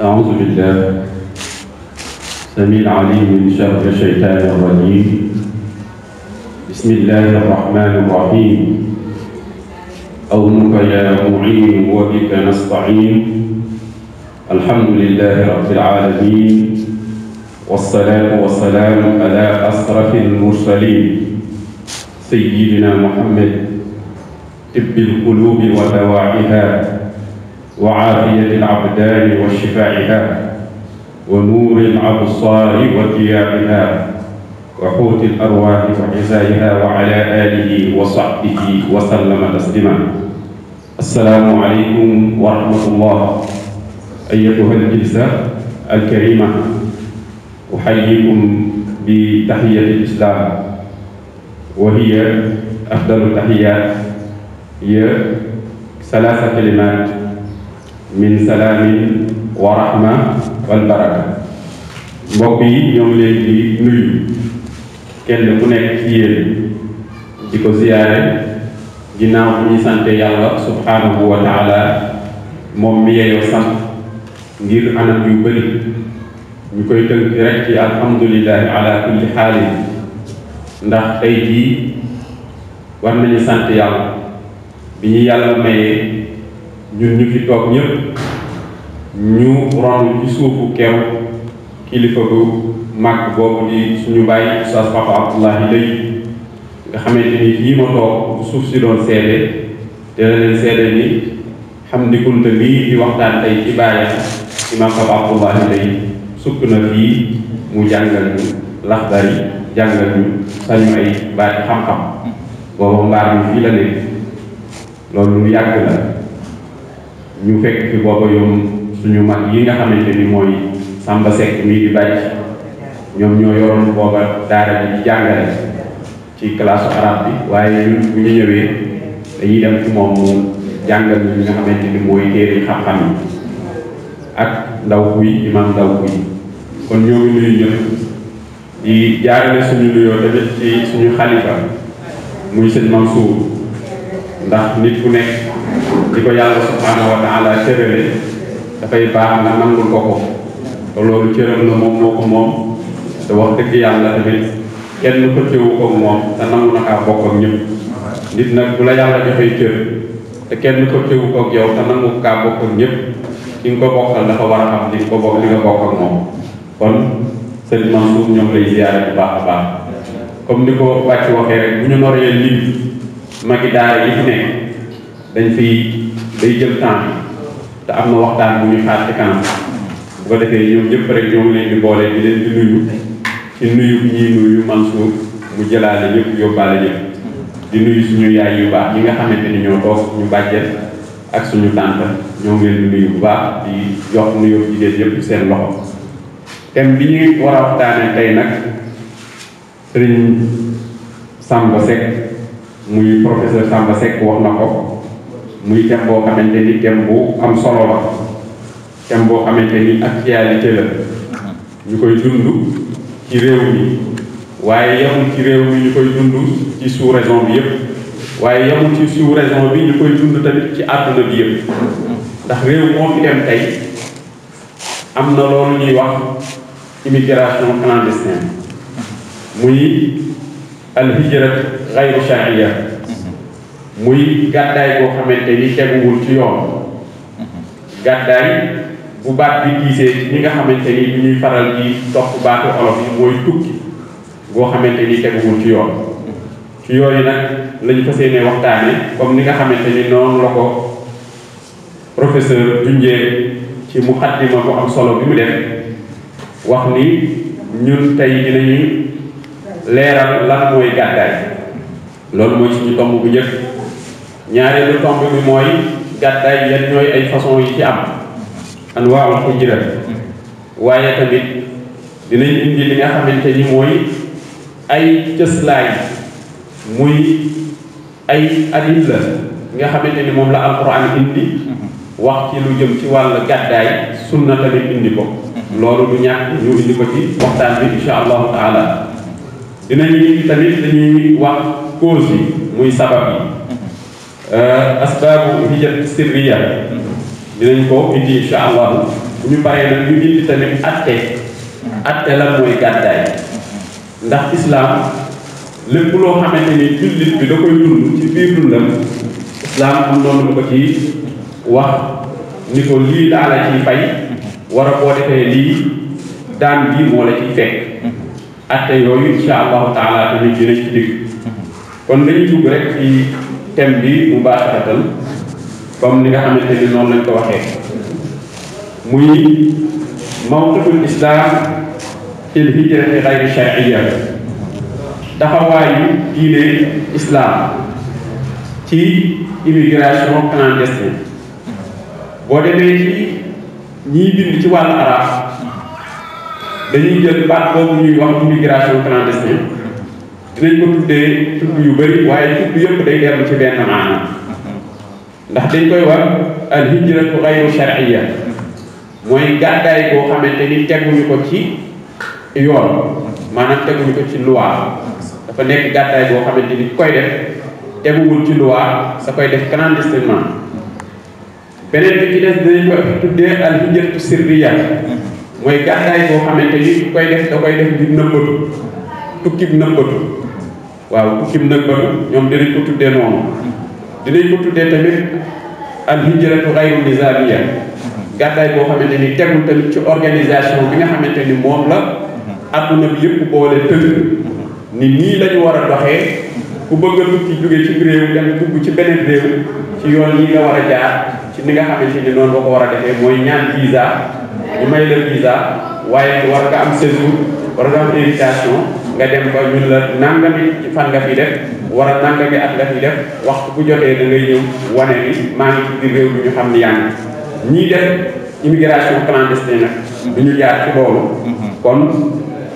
أعوذ بالله سميع عليم من شر الشيطان الرجيم بسم الله الرحمن الرحيم أونك يا معين وبك نستعين الحمد لله رب العالمين والصلاة والسلام على أشرف المرسلين سيدنا محمد طب القلوب ودواعيها وعافية الأبدان وشفائها ونور الأبصار وثيابها وحوت الأرواح وحزائها وعلى آله وصحبه وسلم تسليما السلام عليكم ورحمة الله أيتها الجلسة الكريمة أحييكم بتحية الإسلام وهي أفضل التحيات هي ثلاث كلمات min salaamin wa rahma wal baraka mbokk yi ñoom leen nuyu kenn ku nekk ci yéen ko ziyaare ginnaaw bu ñu sante yàlla subhaanahu wa taala moom mi yeyoo sant ngir anam yu bëri ñu koy tënk rek ci alhamdulillahi ala kulli xaalin ndax tey jii war nañu sant yàlla bi ñu yàlla mayee ñun ñu fi toog ñu ronu ci suufu kew bu mag boobu di suñu bàyyi Oustaz Papa Abdoulahi Lay nga xamante ni fii ma toog bu suuf si doon seede dina ni di kunta mii di waxtaan tey ci bàyyam imaam Papa mu jàngal ñu laxdar yi jàngal ñu sañu ay baat xam-xam boobu mbaar mi fii la nekk loolu lu yàgg la ñu fekk fi booba yoom suñu mag yi nga xamante ni mooy samba sekk mii di bàcc ñoom ñoo yoroon booba daara ji di jàngale ci classe arabe bi waaye ñun bu ñu ñëwee dañuy dem ci moom mu jàngal ñu nga xamante ni mooy téere xam-xam yi ak ndaw kuy imam ndaw kuy kon ñoo ngi nuyu ñëpp di jaarale suñu nuyoo tamit ci suñu xalifa muy sëñ Mansour ndax nit ku nekk li ko yàlla subhaanahu wa taala cërale dafay baax nga nangul ko ko te loolu moom moo ko moom te wax dëgg yàlla tamit na la yàlla joxee cër te kenn xëccewu ko ak yow te nangu kaa bokk ak ñëpp nga ko bokkal dafa war a xam li nga ko bokk li nga moom kon sëriñ Mansour ñoom lay ziyaare bu baax baax comme ni ko wàcc waxee rek bu ñu noree lim magi daara nekk dañ fiy day jël temps bi te am na waxtaan bu ñu xaar ci kanam bu ko defee ñoom ñëpp rek ñoo leen di boole di leen di nuyu ci nuyu ñii nuyu Mansour mu jëlaale ñëpp yóbbaale ñëpp di nuyu suñu yaay yi baax ñi nga xamante ni ñoo toog ñu bàjjet ak suñu tànt ñoo ngi leen di nuyu baax di jox nuyoo jigéen yëpp seen loxo thème bi ñuy war a waxtaanee tey nag sëriñ Samba Seck muy professeur Samba Seck wax na ko muy kem boo xamante ni thème bu am solo la kem boo xamante ni actualité la ñu koy dund ci réew mi waaye yamul ci réew mi ñu koy dund ci sous raison bi yëpp waaye yamul ci sous raison bi ñu koy dund tamit ci àdduna bi yëpp ndax réew moo fi dem tey am na loolu ñuy wax immigration clandestine muy al hijrat gayru charia muy gàddaay boo xamante ni teguwul ci yoon gàddaay bu baat bi diisee ñi nga xamante ni ñuy faral di topp baatu olof yi mooy tukki boo xamante ni teguwul ci yoon ci yooyu nag lañu fas yéenee waxtaane comme ni nga xamante ni noonu la ko professeur junjee ci muqaddima bu am solo bi mu def wax ni ñun tey dinañu leeral lan mooy gàddaay loolu mooy suñu tomb bu njëkk ñaareelu tomb bi mooy gàddaay yan ñooy ay façon yi ci am anwaawul hijra waaye tamit dinañ indi li nga xamante ni mooy ay cëslaay ay adil nga xamante ni moom la alquran indi wax ci lu jëm ci wàll gàddaay sunna tamit indi ko loolu du ñàkk ñu indi ko ci waxtaan bi insha allahu taala dinañ indi tamit dañuy wax cause yi muy sabab yi Euh, asbaabu hijab sirriya dinañ ko indi incha allah bu ñu paree nag ñu indi tamit atte atte la mooy gàddaay ndax islam lépp loo xamante ni jullit bi da koy dund ci biir dundam islam am noonu ko ci wax ni ko lii daa la fay war a boo defee lii daan bii moo la ciy fekk atte yooyu incha allahu taala tamit dinañ ci dégg kon dañuy dugg rek ci thème bi mu baax a comme ni nga xamante ni noonu lañ ko waxee muy mawqiful islaam fil hijrati xayri shar'iyya taxawaayu diine islaam ci immigration clandestine boo demee ci ñiy bind ci wàllu arab dañuy jël baat boobu ñuy wax immigration clandestine dinañ ko tuddee tudd yu bëri waaye tudd yëpp day dellu ci benn maanaam ndax dañ koy war al hijratu xayru shar'iyya mooy gàddaay boo xamante ni ko ci yoon ko ci loi dafa nekk gàddaay boo xamante ni koy def teguwul ci loi sa koy def clandestinement beneen bi ci des dinañ ko tuddee al hijratu mooy gàddaay boo xamante ni koy def da koy def ngir nëbbatu tukkib nëbbatu waaw tukkim nag ba ñoom dinañ ko tuddee noonu dinañ ko tuddee tamit al hijratu xayru nizamiya gàddaay boo xamante ni tegul tamit ci organisation bi nga xamante ni moom la adduna bi yëpp boole tënk ni nii la war a doxee ku bëgg a tukki jóge ci réew dem dugg ci beneen réew ci yoon yi nga war a jaar ci ni nga xamante ni noonu la ko war a defee mooy ñaan visa ñu may la visa waaye war nga am séjour war nga am invitation nga dem ba ñu la nangami fan nga fi def wara nangami at nga fi def waxtu bu jotee da ngay ñew wané ni ma ngi ci biir réew mi ñu xamni ni ñi def immigration clandestine nak du ñu jaar ci bolu kon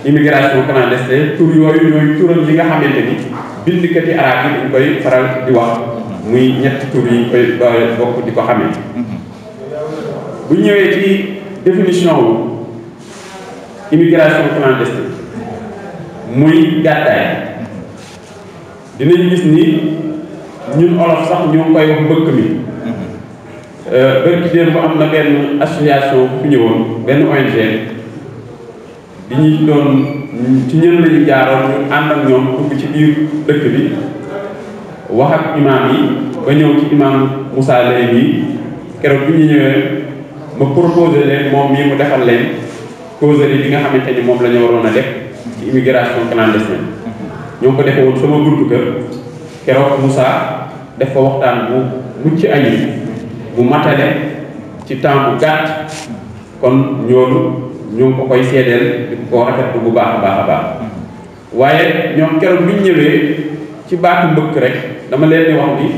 immigration clandestine tour yoy ñoy touram li nga xamante ni bindkati arab yi dañ koy faral di wax muy ñetti tour yi koy bokk di ko xamee bu ñëwee ci definition immigration clandestine muy gàddaay dinañ gis nii ñun olof sax ñu ngi koy wax mbëkk mi euh, bërki démb bu am na benn association bu ñëwoon benn ONG bi ñu doon ci ñën lañu jaaroon ñu ànd ak ñoom dugg ci biir dëkk bi wax ak imaam yi ba ñëw ci imaam Moussa Lay bi keroog ñu ñëwee ma proposé moom mii mu defal leen yi bi nga xamante ni moom la ñu waroon a def ci immigration clandestine ñoo ko defee woon sama buntu kër keroog Moussa def fa waxtaan bu mucc ayib bu matale ci temps bu gàtt kon ñoolu ñu ko koy seedeel di ko rafetlu bu baax a baax a baax waaye ñoom keroog bi ñu ñëwee ci baatu mbëkk rek dama leen di wax ni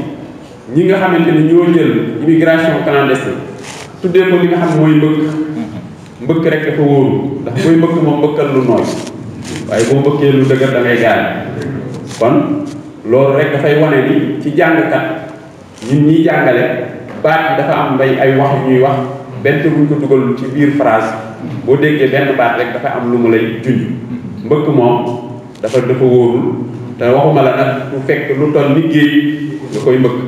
ñi nga xamante ne ñoo jël immigration clandestine tuddee ko li nga xam mooy mbëkk mbëkk rek dafa wóoru ndax mooy mbëkk moom mbëkkal lu nooy waaye boo bëggee lu dëgër da ngay gaañ kon loolu rek dafay wane ni ci jàngkat ñun ñiy jàngale baat yi dafa am mbay ay wax ñuy wax benn buñ ko dugal ci biir phrase boo déggee benn baat rek dafa am lu mu lay junj mbëkk moom dafa dafa wóorul te waxuma la nag bu fekk lu toll liggéey géej nga koy mbëkk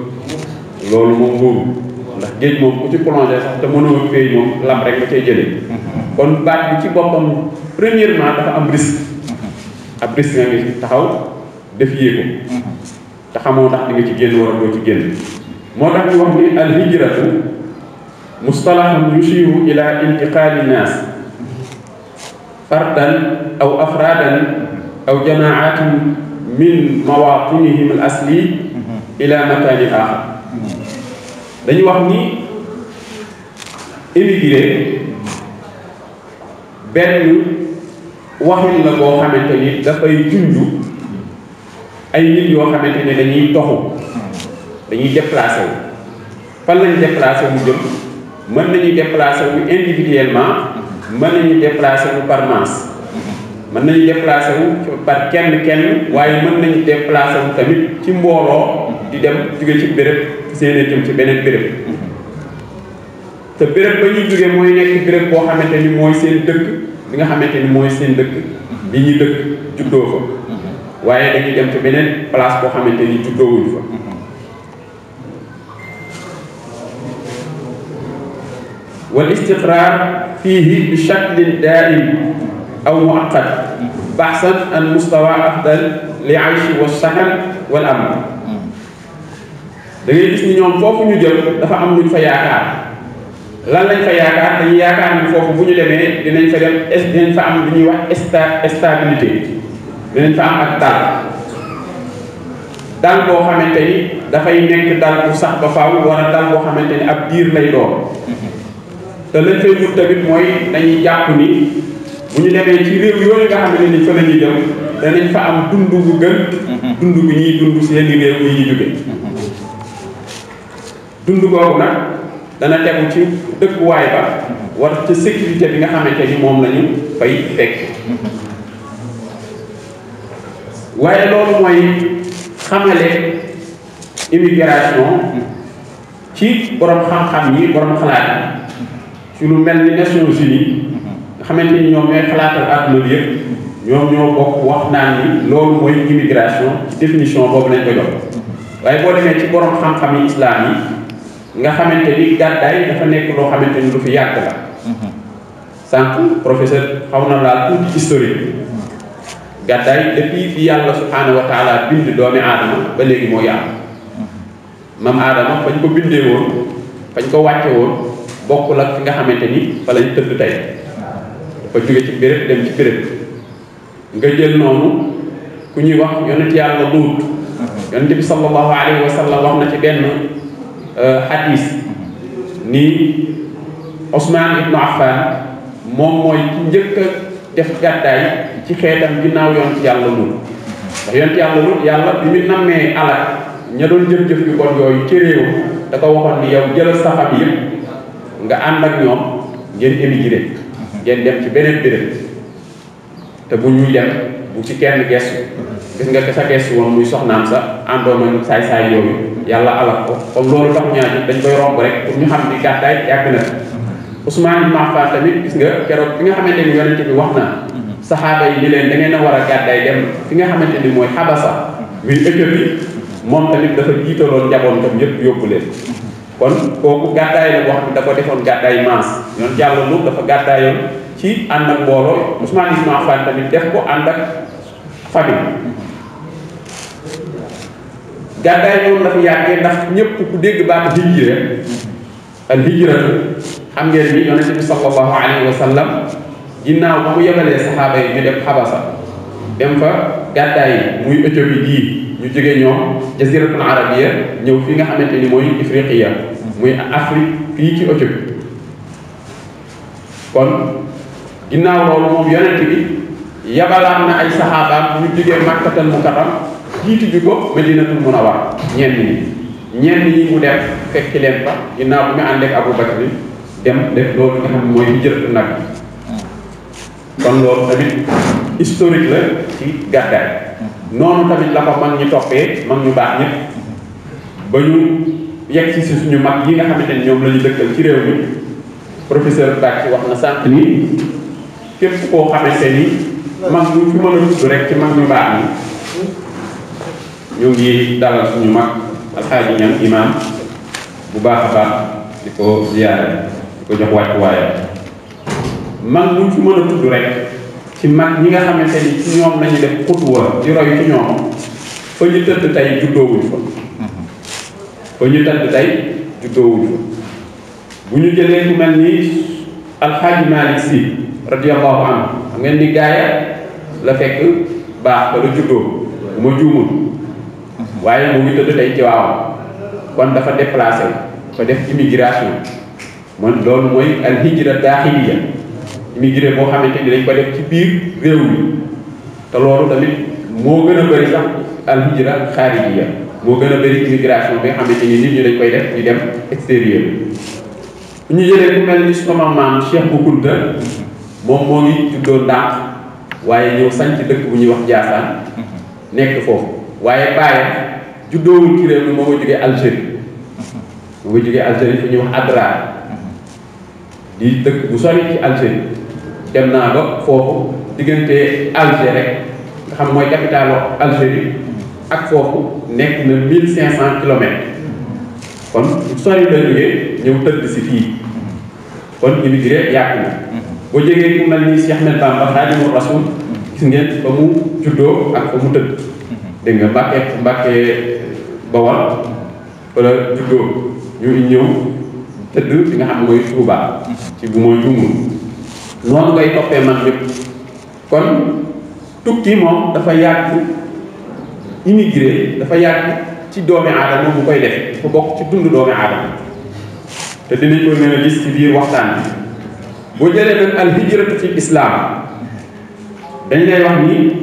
loolu moom wóorul ndax géej moom ku ci plongé sax te mënoo géej moom lam rek nga cay jëlee kon baat bi ci boppam premièrement dafa am risque ab destin ngi taxaw def yéegu te xamoo ndax di nga ci génn wala doo ci génn moo tax ñu wax ni al hijratu mustalahun yushiru ila intiqaali naas fardan aw afraadan aw min mawaatinihim al asli ila makaani axar dañu wax ni émigré benn waxin la boo xamante ni dafay junju ay nit yoo xamante ni dañuy toxu dañuy déplacé fan lañu déplacé wu jëm mën nañu déplacé wu individuellement mën nañu déplacé wu par masse mën nañu déplacé wu par kenn kenn waaye mën nañu déplacé wu tamit ci mbooloo di dem jóge ci béréb seen jëm ci beneen bërëb te béréb ba ñuy jóge mooy nekk béréb boo xamante ni mooy seen dëkk nga xamanteni moy seen dëkk bi ñu dëkk juddoo fa waaye dañu dem ci beneen place boo xamanteni juddoowuñ fa والاستقرار فيه بشكل دائم أو مؤقت بحثا عن مستوى أفضل لعيش والسكن والأمن. دعني أقول نيوم فوق نيوم دفع أمن في يعقوب lan lañ fa yaakaar dañu yaakaar ni bu ñu demee dinañ fa dem am lu ñuy wax sta stabilité dinañ fa am ak dal dal boo xamante ni dafay nekk dal bu sax ba faaw wala dal boo xamante ni ab diir lay doon te lañ fay wut tamit mooy dañuy jàpp ni bu ñu demee ci réew yooyu nga xam ni fa la dem danañ fa am dund bu gën dund bu ñuy dund seen réew yi ñu jóge dund googu nag dana tegu ci dëkkuwaay ba war ci sécurité bi nga xamante ni moom la fay fekk waaye loolu mooy xamale immigration ci boroom xam-xam yi borom xalaat ci lu mel ni Nations Unies nga xamante ni ñoom ñooy xalaatal àdduna bi yëpp ñoom ñoo bokk wax naan ni loolu mooy immigration définition boobu lañ ko waaye boo defee ci borom xam-xam yi islam yi nga xamante ni gàddaay dafa nekk loo xamante ni lu fi yàgg la mhm. sànq professeur xaw na laal tuuti historique gàddaay depuis bi yàlla subhaanahu wa taala bind doomi aadama ba léegi moo yàlla mam aadama fañ ko bindee woon fañ ko wàcce woon bokkul ak nga xamante ni fa lañ tëdd tey dafa jóge ci béréb dem ci béréb nga jël noonu ku ñuy wax yonent yàlla luut mhm. yonent bi sallallahu alayhi wa wax na ci benn Euh, hadis ni Osman ibn Affan mom moy ki njëkk def gaday ci xéetam ginnaw yoon ci Yalla lu ndax yoon ci Yalla lu Yalla bi mi namé ala ña doon jëf-jëf yu bon yoy ci réew da ko waxon ni yow jël saxam yi nga and ak ñom ngeen émigré ngeen dem ci beneen béréb te bu ñuy dem bu ci kenn gessu gis nga ka sa gessu woon muy soxnaam sa àndoon ak say say yooyu yàlla alal ko kon loolu tax dañ koy romb rek pour ñu xam ni gàddaay yàgg na Ousmane ibn Affan tamit gis nga keroog bi nga xamante ni yonente bi wax na saxaaba yi ni leen da ngeen a war a gàddaay dem ki nga xamante ni mooy xabasa muy Éthiopie moom tamit dafa jiitaloon njabootam yëpp yóbbu leen kon kooku gàddaay la boo xam ne defoon gàddaay maas ñoon jàll lu dafa gàddaayoon ci ànd ak mbooloo Ousmane ibn tamit def ko ànd ak famille gàddaay noonu la fi yàggee ndax ñëpp ku dégg baatu hijra al hijratu xam ngeen ni yonente bi sallallahu alayhi wa sallam ginnaaw ba mu yebalee saxaaba yi ñu dem xabasa dem fa gàddaay muy Éthiopie gii ñu jóge ñoom jaziratul arabia ñëw fi nga xamante ni mooy ifriqiya muy Afrique fii ci Éthiopie kon ginnaaw loolu moom yonente bi yabalaat na ay saxaabaam ñu jógee makkatal mukarram jiitu ju ko madinatul munawar ñenn ñi ñenn ñi mu def fekki leen fa ginnaaw bu ñu ànd ak abou bakri dem def loolu nga xam mooy bi jël nag kon loolu tamit historique la ci gàddaay noonu tamit la ko mag ñu toppee mag ñu baax ñëpp ba ñu yegg ci suñu mag yi nga xamante ni ñoom dëkkal ci réew mi professeur Bacci wax na ni képp koo xamante ni mag ñu fi mën a rek ci mag ñu baax ñu ngi dalal suñu mag ñam imam bu baax a baax di ko ziyaare di ko jox wàccuwaayam mag mu fi mën a tudd rek ci mag ñi nga xamante ni ci ñoom lañu def xutwa di roy ci ñoom fa ñu tëdd tey juddoowuñ fa fa ñu tëdd tey juddoowuñ fa bu ñu jëlee ku mel ni alxaaji malik si radiallahu anhu xam ngeen ni gaaya la fekk baax ba la juddoo ma juumul waaye mu ngi tëdd tey ci kon dafa déplacé fa def immigration man loolu mooy al hijra daaxiliya immigré boo xamante ni dañ ko def ci biir réew mi te loolu tamit moo gën a bëri sax al hijra xaarijiya moo gën a bëri immigration bi xamante ni nit ñi dañ koy def ñu dem extérieur ñu jëlee ku mel ni sama maam Cheikh Bou Kounta moom moo ngi juddoo Ndànk waaye ñëw sanc dëkk bu ñuy wax Njaasaan mm-hmm. nekk foofu waaye bàyyi juddoowul ci réew mi moo ma jógee Algérie moo ma jógee Algérie fu ñuy wax Adrar di dëkk bu sori ci Algérie dem naa ba foofu diggante Alger rek nga xam mooy capitalu Algérie ak foofu nekk na mille cinq cent kilomètres kon sori la jógee ñëw tëdd si fii kon immigré yàq na boo jegee ku mel ni Cheikh Ahmed Bamba Xaadimu Rasuul gis ngeen ba mu juddoo ak ba mu tëdd dégg nga Mbàkke Mbàkke Bawol wala juddoo ñu ñëw tëdd fi xam ne mooy Tuubaa ci bu mooy jumul noonu koy toppee man kon tukki moom dafa yàgg immigré dafa yàgg ci doomi aadama bu koy def dafa bokk ci dund doomi aadama te dinañ ko mën a gis ci biir waxtaan bi boo jëlee nag al hijratu islaam dañ lay wax ni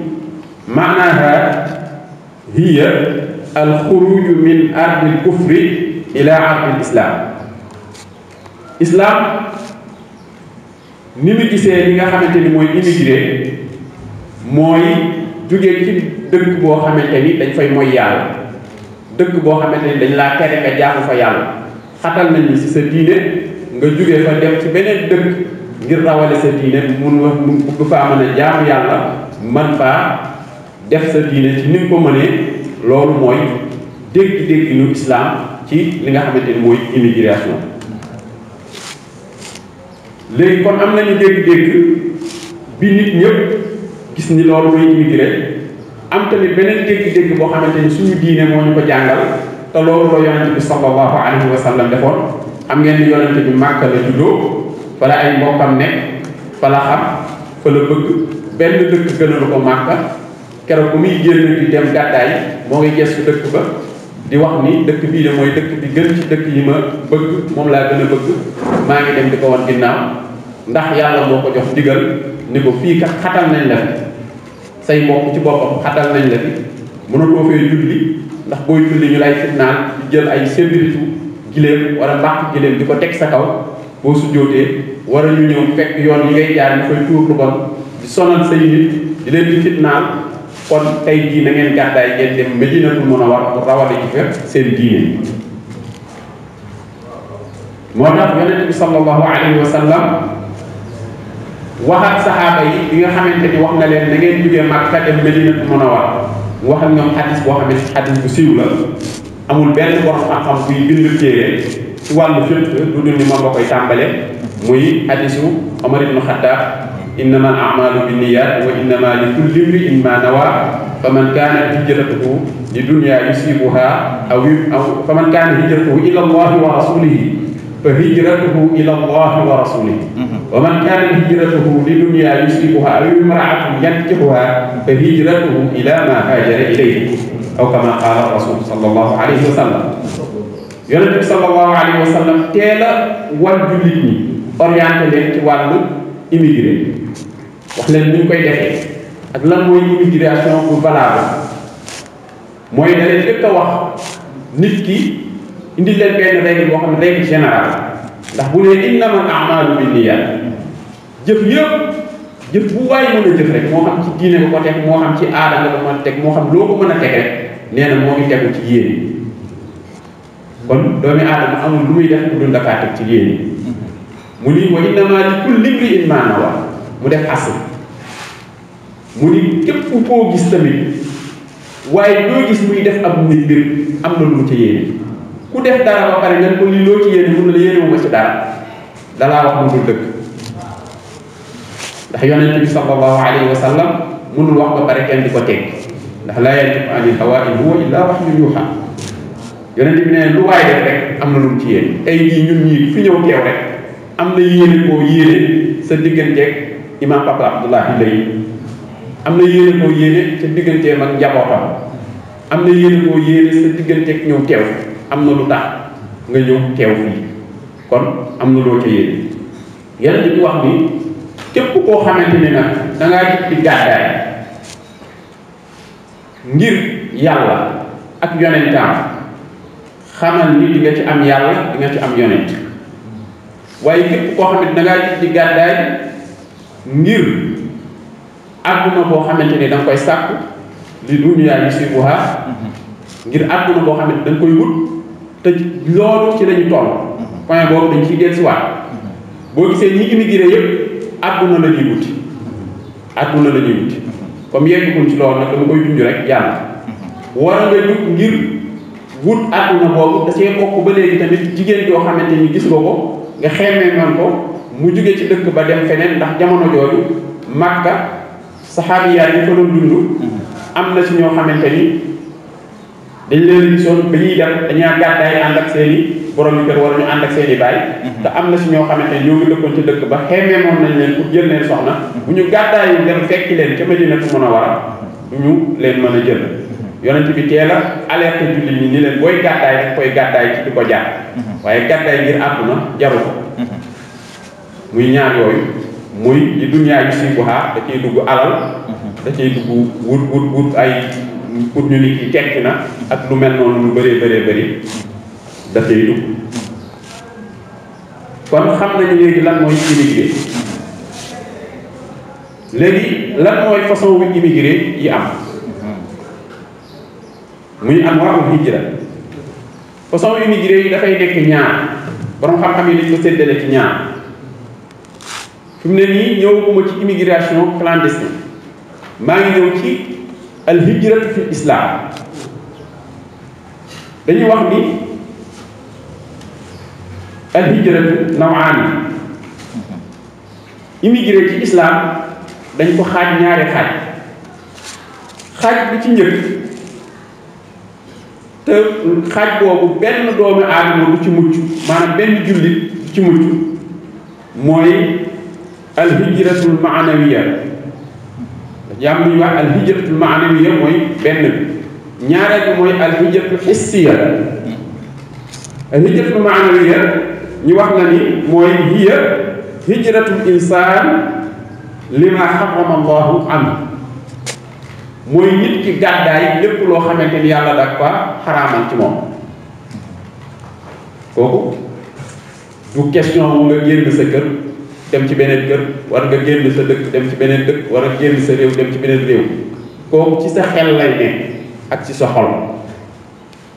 maanaaha hiya alxuruju min ardil kufri ila ardil islam islam ni mu gisee li nga xamante ni mooy immigré mooy jugee ci dëkk boo xamante ni dañ fay mooy yàlla dëkk boo xamante ni dañ laa tere nga jaamu fa yàlla xatal nañu ci sa diine nga jóge fa dem ci beneen dëkk ngir rawale sa diine mun nga mun bugg faa mën a jaamu yàlla man faa def sa diine ci ni nga ko mënee loolu mooy dégg ñu islam ci li nga xamante ni mooy immigration léegi kon am nañu dégg-dégg bi nit ñëpp gis ni loolu mooy immigré am tamit beneen dégg-dégg boo xamante ni suñu diine moo ñu ko jàngal te loolu la yonente bi sallallahu alayhi wa sallam defoon am ngeen ni yonente bi màkk la juddoo fa la ay mbokkam nekk fa la xam fa la bëgg benn dëkk gënal ko màkka keroog bu muy génn di dem gàddaay moo ngi gestu dëkk ba di wax ni dëkk bii de mooy dëkk bi gën ci dëkk yi ma bëgg moom laa gën a bëgg maa ngi dem di ko wan ginnaaw ndax yàlla moo ko jox ndigal ni ko fii kat xatal nañ la fi say mbokk ci boppam xatal nañ la fi mënatoo fee julli ndax booy julli ñu lay fitnaan di jël ay sébiritu giléem wala mbàq giléem di ko teg sa kaw boo su jootee war a ñu ñëw fekk yoon yi ngay jaar ñu koy tuur lu bon di sonal kon tey jii na ngeen gàddaay ngeen dem Madinatul Munawwara pour rawale ci fépp seen diine moo tax yonent bi sallallahu alayhi wa sallam wax ak saxaaba yi bi nga xamante ni wax na leen na ngeen jógee Makka dem Madinatul Munawwara wax ak ñoom xadis boo xam ne xadis bu siiw la amul benn borom xam-xam buy bind téere ci wàllu fépp du dul ni moom la koy tàmbale muy xadisu Omar ibnu Xattaab إنما الأعمال بالنيات وإنما لكل امرئ ما نوى فمن كانت هجرته لدنيا يصيبها أو او فمن كان هجرته إلى الله ورسوله فهجرته إلى الله ورسوله ومن كان هجرته لدنيا يصيبها أو امرأة ينكحها فهجرته إلى ما هاجر إليه أو كما قال الرسول صلى الله عليه وسلم يقول صلى الله عليه وسلم تيلا teel a wan jullit orienté ci wax leen ñu koy defee ak lan mooy immigration bu valable mooy da leen a wax nit ki indi leen benn règle boo xam ne règle générale ndax bu ne innamal jëf yëpp jëf jëf rek moo xam ci diine nga ko teg moo xam ci aada nga ko teg moo xam loo ko mën a teg rek moo ngi tegu ci yéene kon doomi aadama amul lu muy def ku dul dakaa ci yéene mu ni wa innamaa li kulli imri'in maa nawaa mu def asl mu ni képp koo gis tamit waaye loo gis muy def ab nit mbir am na lu ci yéene ku def dara ba pare ngeen ko lii loo ci yéene mun na la yéene wu ma ci dara dalaa wax mu dul dëgg ndax yonent bi sallallahu alayhi wa sallam wax ba pare kenn di ko teg ndax laa yantiqu anil hawaa in huwa illaa wahyun yuuhaa yonent bi ne lu waay def rek am na lu mu ci yéene tey jii ñun ñii fi ñëw teew rek am na yéene koo yéene sa digganteeg imaam papa Abdoulahi Lay am na yéene koo yéene sa digganteem ak njabootam am na yéene koo yéene sa digganteeg ñëw teew am na lu tax nga ñëw teew fii kon am na loo ca yéene yàlla di wax ni képp koo xamante ni nag da ngaa di gàddaay ngir yàlla ak yonentaam xamal ni di ci am yàlla dinga ci am yonent waaye képp koo xamante da ngaa jug di gàddaay ngir àdduna boo xamante ni da koy sàkku li duniyaa yusibuha ngir àdduna boo xamante da nga koy wut te loolu ci lañu toll point boobu dañ ciy dellusiwaat boo gisee ni immigré yëpp àdduna la ñuy wuti àdduna la ñuy wuti comme yegguñ ci loolu nag dama koy junj rek jàll war a nga ngir wut àdduna boobu da see bokk ba léegi tamit jigéen joo xamante ni gis nga ko nga xemmee man ko mu joge ci dekk ba dem fenen ndax jamono joju makka sahabiya yi ko doon dundu mhm. amna ci ño xamanteni dañ leen gisoon ba ñuy dem dañu gaday and ak seeni borom ko kër wala ñu and ak seeni bay baay mhm. te am ci ño xamanteni ni ñoo ngi lekkon ci dekk ba xeemeemoon nañ leen pour jël leen soxna mhm. bu ñu gaday gàddaayu dem fekk leen ci medina Madinatu mëna wara ñu leen mëna jël yonent bi teel alerte julli ñi ni leen boy gaday rek koy gaday ci diko jaar waye gaday ngir aduna jaru ko muy ñaar yooyu muy li dunyaa yu si buxaa da ciy dugg alal da dugg wut wut ay pour ñu nit yi tekki na ak lu mel noonu lu bëree bëree bëri da dugg kon xam nañu léegi lan mooy immigré léegi lan mooy façon wu immigré yi am muy am waaw hijra façon immigré yi dafay nekk ñaar borom xam-xam yi dañ ko séddale ci ñaar fi mu ne nii ñëwaguma ci immigration clandestine maa ngi ñëw ci al hijratu fi islam dañuy wax ni al hijratu nawaan immigré ci islam dañ ko xaaj ñaari xaaj xaaj bi ci njëkk te xaaj boobu benn doomu aadama du ci mucc maanaam benn jullit du ci mucc mooy alhijratul maanawiya dañu am lu ñuy wax alhijratul maanawiya mooy benn bi ñaareel bi mooy alhijratul xissiya alhijratul maanawiya ñu wax na ni mooy hiya hijratul insaan lima xarama allahu anhu mooy nit ki gàddaay lépp loo xamante ni yàlla da ko xaraamal ci moom kooku du question mu nga génn sa kër dem ci beneen kër war nga génn sa dëkk dem ci beneen dëkk war nga génn sa réew dem ci beneen réew kooku ci sa xel lay nekk ak ci sa xol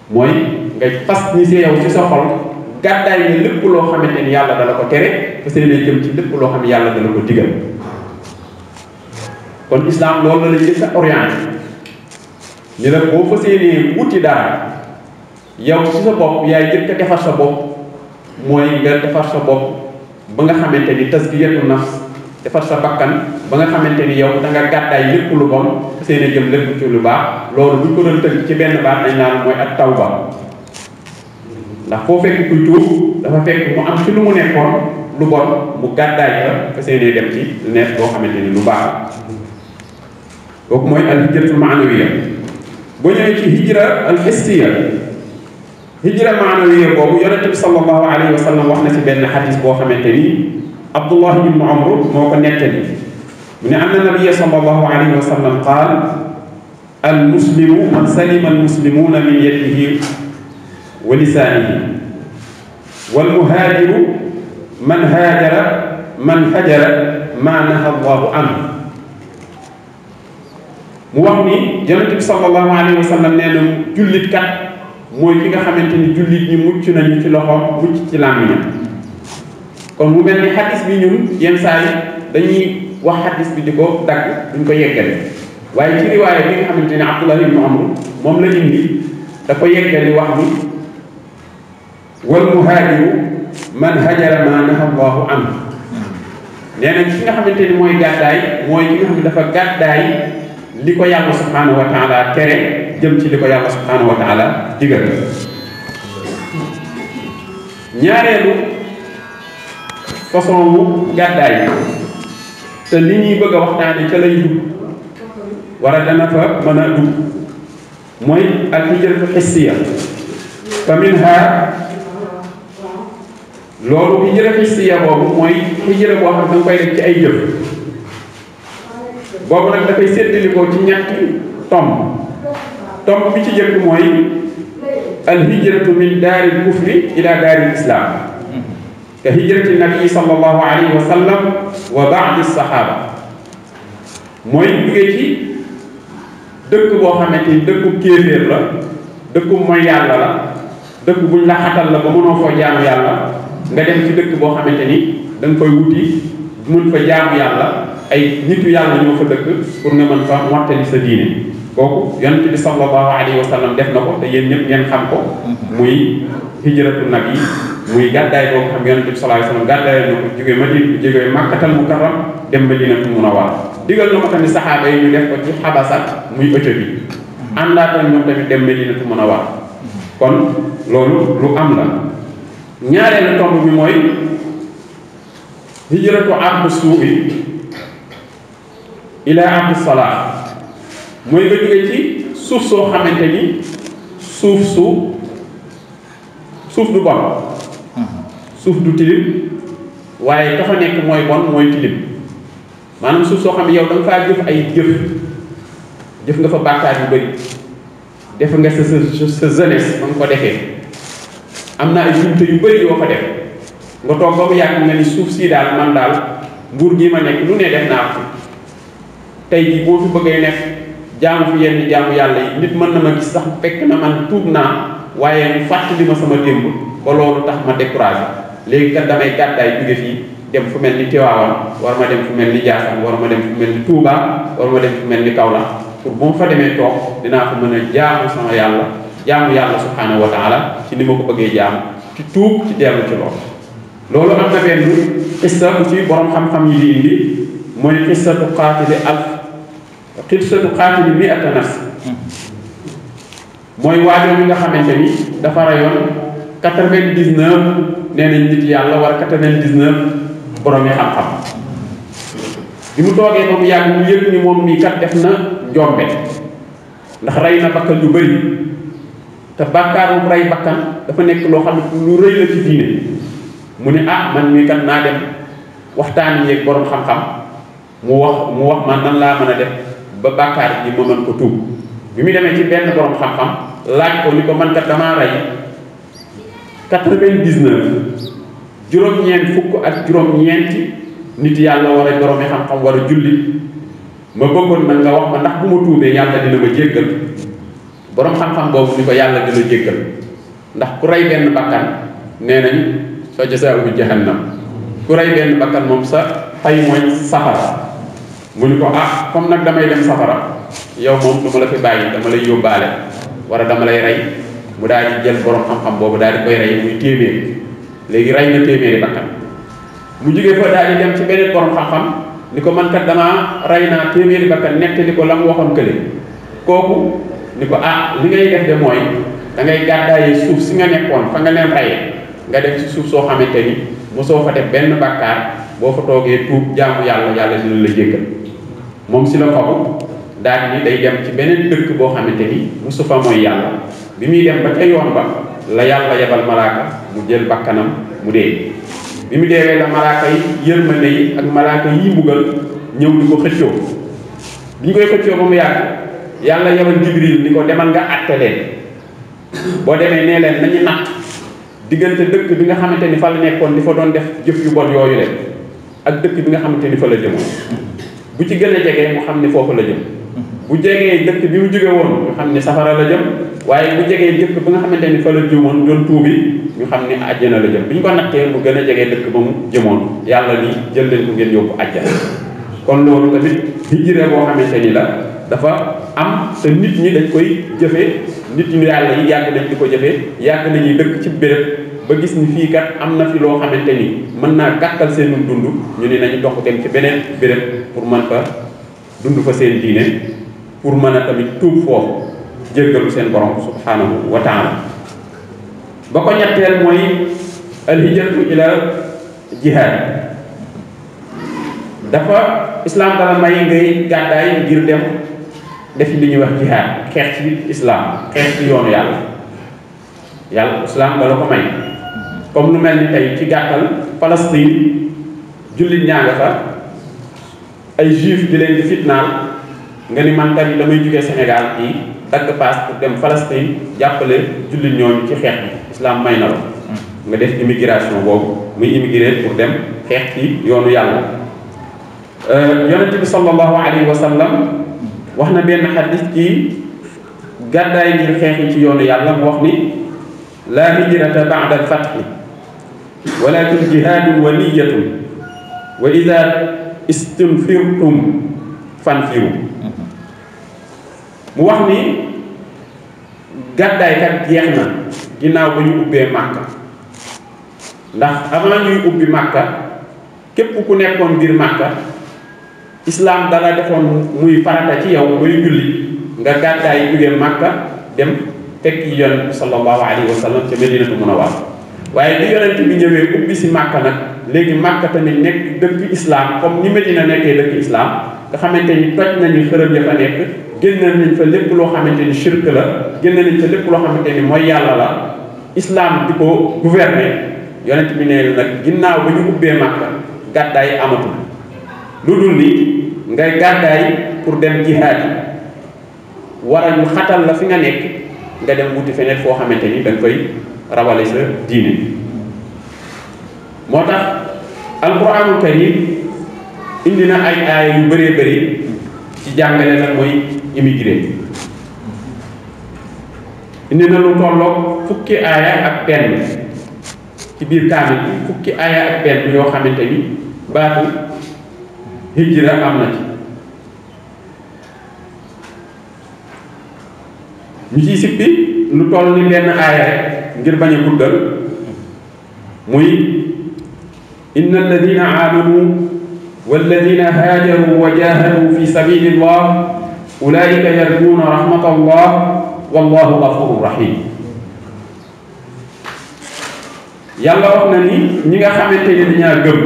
mooy nga fas ni si yow ci sa xol gàddaay ni lépp loo xamante ni yàlla dala ko tere fas yéene jëm ci lépp loo xam ne yàlla dala ko digal kon islam loolu la la ni la boo fas yéenee wuti dara yow ci sa bopp yaay jëkk a defar sa bopp mooy nga defar sa bopp ba nga xamante ni tasbiyatu nafs defar sa bakkan ba nga xamante ni yow da nga gàddaay lépp lu bon seen a jëm lépp ci lu baax loolu buñ ko doon ci benn baax dañ naan mooy ak tawba ndax foo fekk kuy tuub dafa fekk mu am ci lu mu nekkoon lu bon mu gàddaay la fa seen dem ci neef boo xamante ni lu baax kooku mooy al hijratu maanawiya boo ñëwee ci hijra al هجرة معنوية بابو يرتب صلى الله عليه وسلم وحنا في بين حديث بو خمتني عبد الله بن عمرو موكا نتني من أن النبي صلى الله عليه وسلم قال المسلم من سلم المسلمون من يده ولسانه والمهاجر من هاجر من هجر ما نهى الله عنه موغني يونتب صلى الله عليه وسلم نالو جلد كات moy ki nga xamanteni julit ñi mucc nañu ci loxo mucc ci lamine kon mu melni hadith bi ñun yeen saa dañuy wax hadith bi di ko dagg duñ ko yeggal waye ci riwaya bi nga xamanteni Abdullah ibn Amr mom la indi da ko yeggal yeggali wax ni wal muhajiru man hajara ma naha allah an neena na ki nga xamanteni moy gaday moy ki nga xam dafa gaday liko yàlla subhanahu wa taala tere jëm ci li ko yàlla subhanahu wa taala digal ñaareelu façon wu gàddaay te li ñuy bëgg a waxtaane ca lay dugg wala dana fa mën a dugg mooy al hijratu xissiya fa minha loolu hijra xissiya boobu mooy hijra boo xam da koy ci ay jëf boobu nag dafay séddalikoo ci ñetti tomb tomb bi ci jëkk mooy al hijratu min daaril kufri ila daaril islam ka hijrati nabi sallallahu alayhi wa sallam wa baadi sahaba mooy jóge ci dëkk boo xamante ni dëkku kéeféer la dëkku mooy yàlla la dëkk buñ la xatal la ba mënoo foo jaamu yàlla nga dem ci dëkk boo xamante ni da nga koy wuti mën fa jaamu yàlla ay nitu yàlla ñoo fa dëkk pour nga mën fa mottali sa diine kooku yonent bi sallallahu alayhi wa sallam def na ko te yéen ñëpp ngeen xam ko muy hijratu nag yi muy gàddaay boobu xam yonent bi sallallahu alayhi wa sallam gàddaay na ko jóge Madina jóge Makkatal Mukarram dem Madinatul Munawwara digal na ko tamit saxaaba yi ñu def ko ci xabasa muy ëcco bi àndaatal ñoom tamit dem Madinatul Munawwara kon loolu lu am la ñaareelu tomb bi mooy hijratu ardu suufi ila ardu salaat mooy nga jóge ci suuf soo xamante ni suuf su suuf du bon hmm. suuf du tilim waaye dafa nekk mooy bon mooy tilim maanaam suuf soo xam ne yow da faa jëf ay jëf jëf nga fa bàkkaar yu bëri def nga sa sa jeunesse ba nga ko defee am naa ay jumte yu bëri yoo fa def nga toog ba mu yàgg nga ni suuf sii daal man daal nguur gi ma nekk lu ne def naa ko tey jii boo fi bëggee nekk jaamu fi yenn jaamu yàlla yi nit mën na ma gis sax fekk na man tuub naa waaye mu fàttali ma sama démb ba loolu tax ma découragé léegi kat damay gàddaay jóge fii dem fu mel ni Tiwaawan war ma dem fu mel ni Jaasaan war ma dem fu mel ni Touba war ma dem fu mel ni Kaolack pour bu ma fa demee toog dinaa fa mën a jaamu sama yàlla jaamu yàlla subhaanahu wa ci ni ma ko bëggee jaamu ci tuub ci dellu ci loolu loolu am na benn xissa bu ci borom xam-xam yi di indi mooy xissatu qaatili xisatu xaatili mi atta nafs mooy waajoo mi nga xamante ni dafa rayoon quatre vingt dix nañ nit yàlla wala quatre vingt borom yi xam-xam bi mu toogee ba mu yàgg mu yëg ni moom mii kat def na njombe ndax rey na bakkan lu bari te bàkkaaru rey bakkan dafa nekk loo xam ne lu rëy la ci diine mu ne ah man mii kat naa dem waxtaan yeeg borom xam-xam mu wax mu wax man nan laa mën a def ba bakkar ni mo man ko tuub bi mi demé ci benn borom xam-xam laaj ko ni ko man ta dama ray 99 vingt ñeen fukk ak juróom ñeent nit yàlla wara borom xam-xam wara julli ma bëggoon nag nga wax ma ndax bu ma tuubé yàlla dina ma jéggal borom xam-xam bobu ni ko yàlla dina jéggal ndax ku ray benn bakkar nenañ so jassaw jasaa jahannam ku ray benn bakkar mom sa tay moy safara mu ni ko ah comme nag damay dem safara yow moom du la fi bàyyi dama lay yóbbaale wala dama lay rey mu daal di jël borom xam-xam boobu daal di koy rey muy téeméer léegi rey na téeméeri bakkan mu jógee fa daal di dem ci beneen borom xam-xam ni ko man kat damaa rey naa téeméeri bakkan nekk ni ko la mu waxoon kële kooku ni ko ah li ngay def de mooy da ngay gàddaayee suuf si nga nekkoon fa nga leen reyee nga def ci suuf soo xamante ni mosoo fa def benn bakkaar boo fa toogee tuub jaamu yàlla yàlla dina la jéggal moom si la fabu daal ni day dem ci beneen dëkk boo xamante ni musu mooy yàlla bi muy dem ba ca yoon ba la yàlla yebal malaaka mu jël bakkanam mu dee bi mu deewee la malaaka yi yërmande yi ak malaaka yi mbugal ñëw di ko xëccoo bi ñu koy xëccoo ba mu yàgg yàlla yebal jibril ni ko demal nga àtte boo demee nee leen nañu natt diggante dëkk bi nga xamante ni fa la nekkoon di fa doon def jëf yu bon yooyu leen ak dëkk bi nga xamante ni fa la jëmoon bu ci gën a jegee mu xam ni foofu la jëm bu jegee dëkk bi mu jóge woon ñu xam ni safara la jëm waaye bu jegee dëkk bi nga xamante di fa la jëmoon doon tuubi ñu xam ni àjjana la jëm bi ñu ko nattee mu gën a jegee dëkk ba mu jëmoon yàlla ni jël leen ko ngeen yóbbu àjjana kon loolu tamit hijra boo xamante ni la dafa am sa nit ñi dañ koy jëfe nit ñi yàlla yi yàgg nañ di ko jëfee yàgg nañuy dëkk ci béréb ba gis ni fi kat amna fi lo xamanteni man na gattal gàttal seenu dund ñu ni nañu dox dem ci benen béréb pour man fa dund fa seen diine pour man tamit seen borom subhanahu wa taala ba ko moy al hijratu ila jihad dafa islam dala may ngay gaday ngir dem def li ñuy wax jihad xex ci islam xex ci yoonu yalla yàlla islam dala ko may comme lu mel ni tey ci gàttal Palestine jullit ñaa nga fa ay juif di leen di fitnaal nga ni man tamit damay jógee Sénégal yi dagg paas pour dem Palestine jàppale jullit ñooñu ci xeex bi islam may na la nga def immigration boobu muy immigré pour dem xeex ci yoonu yàlla euh, yonent bi sallallahu alayhi wa wax na benn xadis ci gàddaay ngir xeex yi ci yoonu yàlla mu wax ni laa hijrata ba'da al-fathi walakin jihaadun wa niyyatun wa idaa istunfirtum fanfiru mu wax ni gàddaay kat na ginnaaw ba ñu ubbee màkka ndax avant ñuy ubbi màkka képp ku nekkoon biir màkka islaam dala defoon muy farata ci yow muy julli nga gàddaay jóge màkka dem tekki yonent bi sallallahu alayhi wa ca Medinatu Munawwara waaye li yonent bi ñëwee ubbi si Màkka nag léegi Màkka tamit nekk dëkk islam comme ni Medina nekkee dëkk islam nga xamante ni toj nañu xërëm ya fa nekk génn fa lépp loo xamante ni shirk la génn nañ fa lépp loo xamante ni mooy yàlla la islaam di ko gouverner yonent bi nee nag ginnaaw ba ñu ubbee Màkka gàddaay amatul lu dul ni ngay gàddaay pour dem jihaad yi war a ñu xatal la fi nga nekk nga dem wuti feneen foo xamante ni da nga koy rawale sa diine moo tax alquranul karim indi na ay aaya yu bëree bëri ci jàngale lan mooy immigré indi na lu tolloog fukki aaya ak benn ci biir kaamil bi fukki aaya ak benn yoo xamante ni baatu hijra am na ci ñu ci sippi lu toll ni benn aaya rek ngir bañ a guddal muy inna alladina aamanu والذين هاجروا وجاهدوا في سبيل الله أولئك يرجون رحمة الله wallahu غفور رحيم yàlla wax na ni ñi nga xamante ni dañaa gëm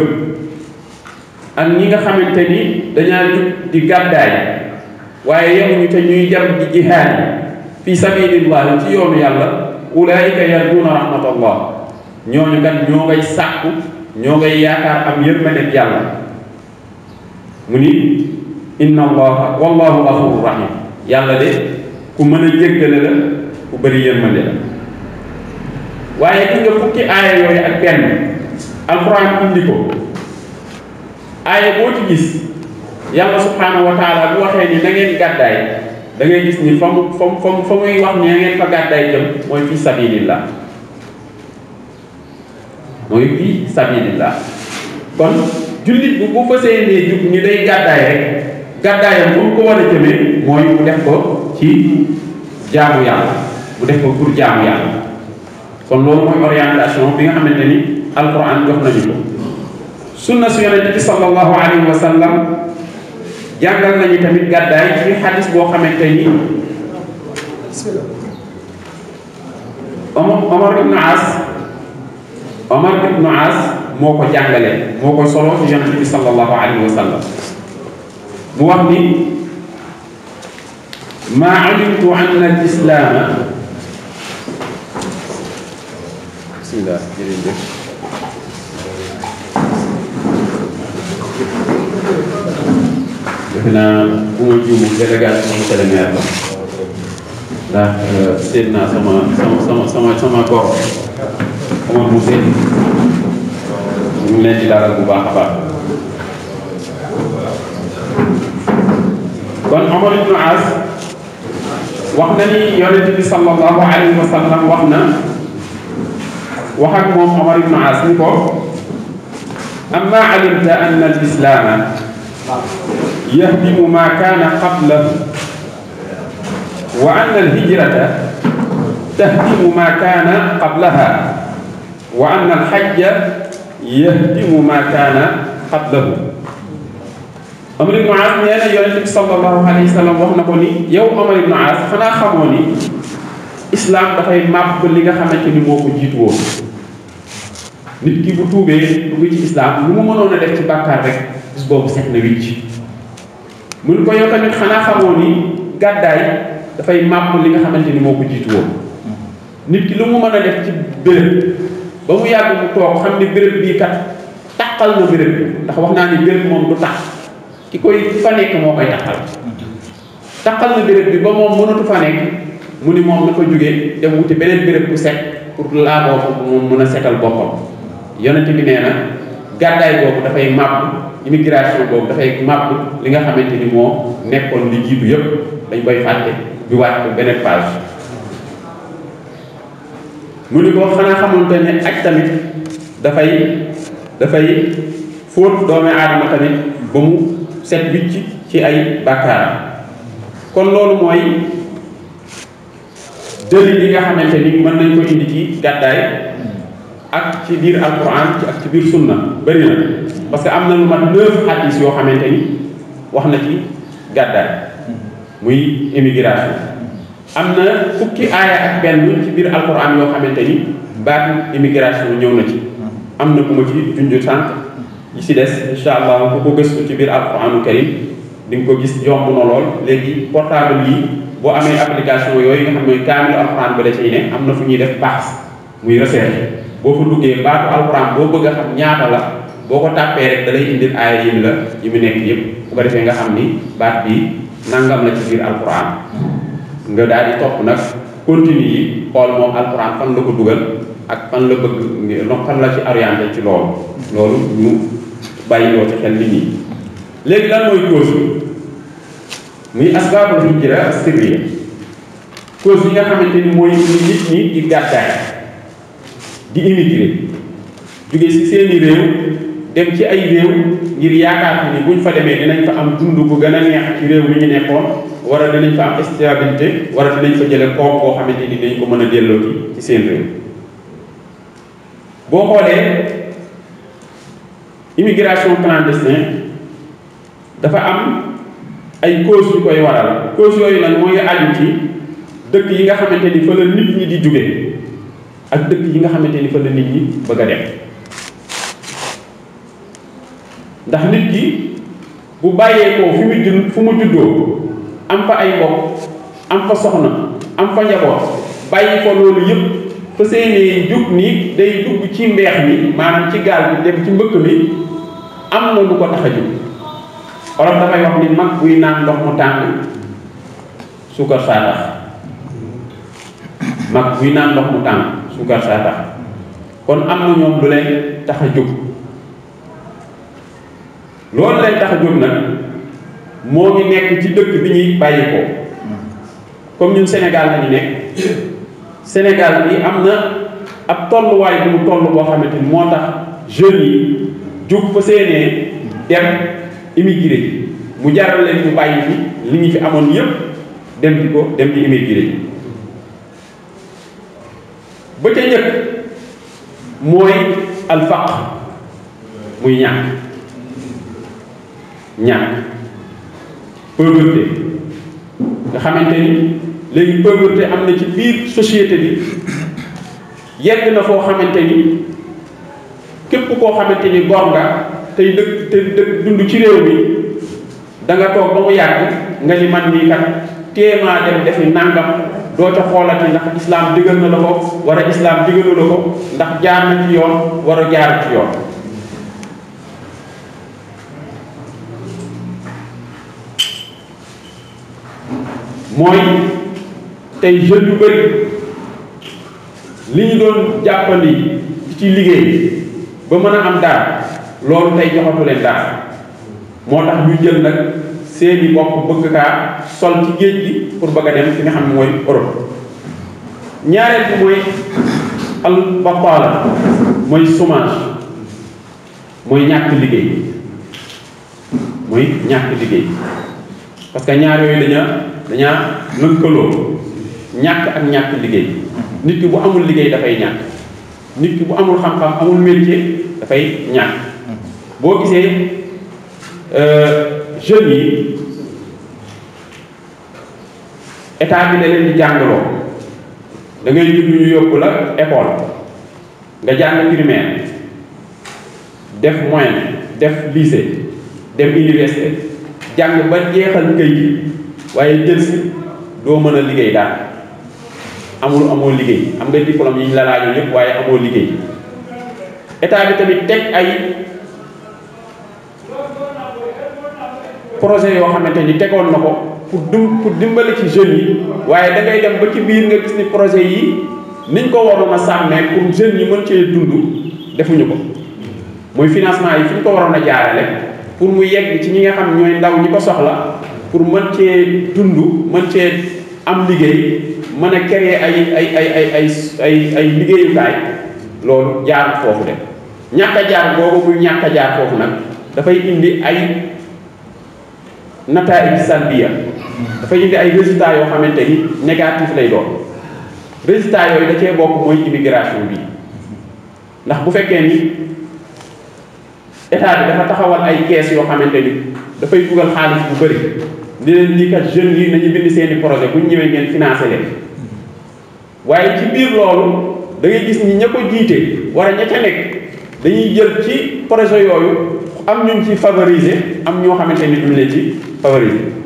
ak ñi nga xamante ni dañaa jub di gàddaay waaye yemuñu te ñuy jam di jihaad fi sabilillahi ci yoonu yàlla ulaayika yarjuuna rahmatallah ñooñu kat ñoo ngay sàkku ñoo ngay yaakaar am yërmande yàlla mu ni inna allaha wallahu ghafurur rahim yàlla de ku mën a jéggale la ku bëri yërmande la waaye ki nga fukki aaya yooyu ak benn alxuraan indi ko aaya boo ci gis yàlla subhaanahu wa bu waxee ni na gàddaay da ngay gis ni fa mu fa mu fa muy wax ne ngeen fa gàddaay jëm mooy fi sabilillah mooy fi sabilillah kon jullit bu bu fësee ne jub ni day gàddaay rek gàddaayam bu mu ko war a jëmee mooy mu def ko ci jaamu yàlla mu def ko pour jaamu yàlla kon loolu mooy orientation bi nga xamante ni alquran jox nañu ko sunna su yonente bi sallallahu alayhi wa jàngal nañu tamit gàddaay ci xadis boo xamante ni Omar Omar ibnu As Omar ibnu As moo ko jàngale moo ko solo ci yonent bi sallallahu alayhi wa sallam mu wax ni ma alimtu anna al islaama bismillah jërëjëf defe naa bu ma juumul délégation monsieur le maire la ndax seet naa sama sama sama sama góor sama mu seet ñu ngi leen di dalal bu baax a baax kon Omar ibnu As wax na ni yonent bi sallallahu alayhi wa sallam wax na wax ak moom Omar ibnu As ni ko amma alimta anna al islaama يهدم ما كان قبله وأن الهجرة تهدم ما كان قبلها وأن الحج يهدم ما كان قبله أمر ابن عاص نانا يونس صلى الله عليه وسلم وهم نقولي يو أمر ابن عاص فنا خموني إسلام دا فاي ماب كل ليغا خامتي ني موكو جيتو نيت كي بو توبي توبي سي إسلام نيمو مانونا ديك سي بكار ريك بس بوبو سيت نا ويتي mu ne ko yow tamit xanaa xamoo ni gàddaay dafay màpp li nga xamante ni moo ko jiitu woon nit ki lu mu mën a def ci béréb ba mu yàgg mu toog xam ne béréb bii kat taqal na béréb bi ndax wax naa ni béréb moom du tax ki koy fa nekk bi ba moom mënatu fa nekk mu ni moom na ko jógee dem wuti beneen béréb bu set pour laa boobu moom mën a setal boppam yonent bi nee na gàddaay boobu dafay màpp immigration boobu dafay màpp li nga xamante ni moo nekkoon li jiitu yëpp dañ koy fàtte bi waat ko beneen page mu ni ko xanaa xamante ne ak tamit dafay dafay fóot doomi aadama tamit ba mu set wicc ci ay bàkkaar kon loolu mooy dëli li nga xamante ni mën nañ ko indi ci gàddaay ak ci biir alquran ci ak ci biir sunna bëri na parce que am na lu mat neuf hadis yoo xamante ni wax na ci gàddaay muy immigration am na fukki aaya ak yoo xamante ni baatu immigration ñëw na ci am na ku ma ci junj sànq yi si des incha allah ku ko gëstu ci biir alquranu karim di ko gis yomb na lool léegi portable yi boo amee application yooyu nga xam ne kaamil alquran ba la ne am na fu ñuy def baax muy recherche boo fa duggee baatu alxuraan boo bëgg a xam ñaata la boo ko tàppee rek da indil aaya yi mu la yi mu nekk yëpp bu defee nga xam ni baat bi nangam na ci biir alxuraan nga daal di topp nag continue yi xool moom alxuraan fan la ko dugal ak fan la bëgg fan la ci orienté ci loolu loolu ñu bàyyi loo ci xel nit ñi léegi lan mooy cause muy asbaabul hijra sirriya cause yi nga xamante ni mooy nit ñi di gàddaay di immigré jóge ci seeni réew dem ci ay réew ngir yaakaar ni buñ fa demee dinañ fa am jund bu gën a neex ci réew mi ñu nekkoon war a dinañ fa am stabilité war a dinañ fa jële koom koo xamante ni dinañ ko mën a delloo ci seen réew boo xoolee immigration clandestine dafa am ay cause yu koy waral cause yooyu nag mooy aju ci dëkk yi nga xamante ni fa la nit ñi di jóge ak dëkk yi nga xamante ni fa la nit ñi bëgg a dem ndax nit ki bu bàyyeekoo fi mu judd fu mu juddoo am fa ay mbokk am fa soxna am fa njaboot bàyyi ko loolu yëpp fa seenee jug ni day dugg ci mbeex mi maanaam ci gaal bi dem ci mbëkk mi am na lu ko tax a jóg olof dafay wax ni mag buy naan ndox mu tàng suukar saa tax mag buy naan ndox mu tàng Boucar Sarr tax kon am na ñoom lu leen tax a jóg loolu leen tax a jóg nag moo gi nekk ci dëkk bi ñuy bàyyi ko comme ñun Sénégal la ñu nekk Sénégal bi am na ab tolluwaay bu mu toll boo xamante ni moo tax jeunes yi jóg fa seenee dem immigré mu jaral leen ñu bàyyi fi li ñu fi amoon yëpp dem di ko dem di immigré ba ca njëkk mooy alfaq muy ñàkk ñàkk pauvreté nga xamante ni léegi pauvreté am na ci biir société bi yegg na foo xamante ni képp koo xamante ni gor nga tey dëkk te dëkk dund ci réew mi da nga toog ba mu yàgg nga ni man nii kat téemaa dem defi nàngam doo ca xoolati ndax islam digal na la ko wala islam digalu la ko ndax jaar na ci yoon wara jaar ci yoon mooy tey jeunes yu bëri li ñu doon jàppandi ci liggéey ba mën a am daal loolu tey joxatu leen daal moo tax ñu jël nag seeni bopp bëgg kaa sol ci géej gi pour bëgg a dem fi nga xam ne mooy Europe ñaareel bi mooy al bataala mooy chômage mooy ñàkk liggéey mooy ñàkk liggéey parce que ñaar yooyu dañaa dañaa lënkaloo ñàkk ak ñàkk liggéey nit ki bu amul liggéey dafay ñàkk nit ki bu amul xam-xam amul métier dafay ñàkk boo gisee euh, jeunes yi état bi ne leen di jàngaloo da ngay jublu ñu yóbbu la école nga jàng primaire def moyen def lycée dem université jàng ba jeexal këy yi waaye jël si doo mën a liggéey daal amul amoo liggéey am nga diplôme yi ñu la laajoon yëpp waaye amoo liggéey état bi tamit teg ay projet yoo xamante ni tegoon na ko. pour dum pour dimbali ci jeunes yi waaye da dem ba ci biir nga gis ni projet yi niñ ko waroon a sàmmee pour jeunes yi mën cee dund defuñu ko muy financement yi fi ñu ko waroon a jaarale pour mu yegg ci ñi nga xam ñooy ndaw ñi ko soxla pour mën cee dund mën cee am liggéey mën a créer ay ay ay ay ay ay ay liggéeyukaay loolu jaar foofu de ñàkk jaar boobu muy ñàkk jaar foofu nag dafay indi ay nataa'ij salbiya dafay indi ay résultats yoo xamante ni négatif lay doon résultats yooyu da cee bokk mooy immigration bi ndax bu fekkee ni état bi dafa taxawal ay kees yoo xamante ni dafay dugal xaalis bu bëri ni leen lii kat jeunes yi nañu bind seeni projet bu ñu ñëwee ngeen financé leen waaye ci biir loolu da ngay gis nii ña ko jiite war a ña ca nekk dañuy jël ci projet yooyu am ñu ci favoriser am ñoo xamante ni duñ leen ci favoriser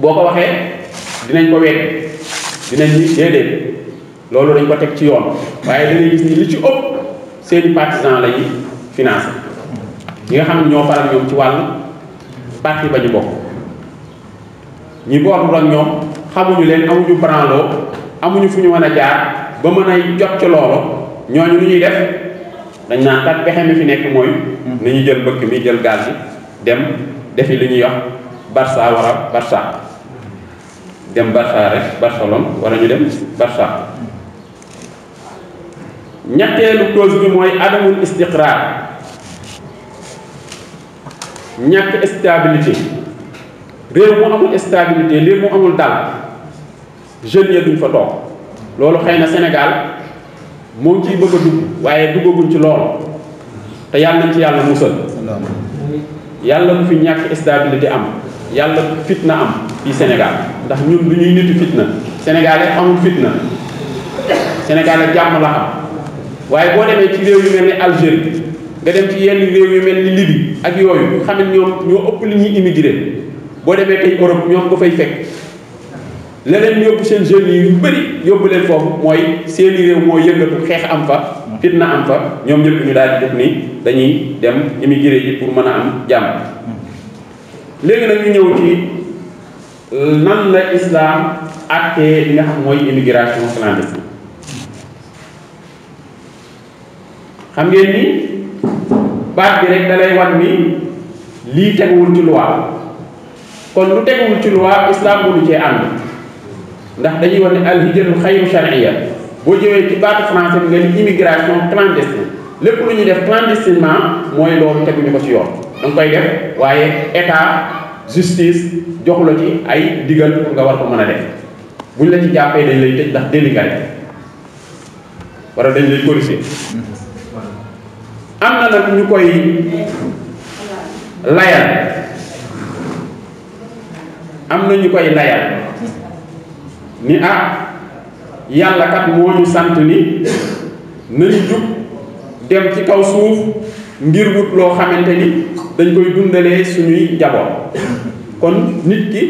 boo ko waxee dinañ ko wéet dinañ ni déedéet loolu dañ ko teg ci yoon waaye dinañ gis ni li ci ëpp seeni partisan la ñuy financé ñi nga xam ne ñoo faral ñoom ci wàll parti ba ñu bokk ñi boobu ak ñoom xamuñu leen amuñu branloo amuñu fu ñu mën a jaar ba mën a jot ci loolu ñooñu lu ñuy def dañ naan kat pexe mi fi nekk mooy nañu jël mbëkk mi jël gaal bi dem defi li ñuy wax barça wala barça dem Barça rek Barcelone wala ñu dem Barça ñetteelu cause bi mooy adamul istiqraar ñàkk stabilité réew mu amul stabilité réew mu amul dal jeunes ya duñ fa toog loolu xëy na Sénégal moom ci bëgg a dugg waaye duggaguñ ci loolu te yàlla nañ ci yàlla musal yàlla mu fi ñàkk stabilité am yàlla fitna am fii Sénégal ndax ñun lu ñuy nitu fitna sénégalais amul fitna sénégalais jàmm la am waaye boo demee ci réew yu mel ni Algérie nga dem ci yenn réew yu mel ni Libye ak yooyu nga xam ne ñoom ñoo ëpp li ñuy immigré boo demee tey Europe ñoom nga fay fekk la leen yóbbu seen jeunes yi yu bëri yóbbu leen foofu mooy seeni réew moo yëngatu xeex am fa fitna am fa ñoom ñëpp ñu daal di def ni dañuy dem immigré yi pour mën a am jàmm léegi nag ñu ñëw ci euh, nan la islam àttee li nga xam mooy immigration clandestine xam ngeen ni baat bi rek da lay wan lii teguwul ci loi kon lu teguwul ci loi islam mënu cee ànd ndax dañuy wax ne alhijratu xayru charia boo jëwee ci baatu français bi nga ni immigration clandestine lépp lu ñu def clandestinement mooy loolu teguñu ko ci yoon da nga koy def waaye état justice jox la ci ay digal pour nga war ko a def buñ la ci jàppee dañ lay tëj ndax délicat wala dañ lay corriger am na nag ñu koy layal am na ñu koy layal ni ah yàlla moo ñu sant ni nañu jub dem ci kaw suuf ngir wut loo xamante ni dañ koy dundalé suñuy njaboot kon nit ki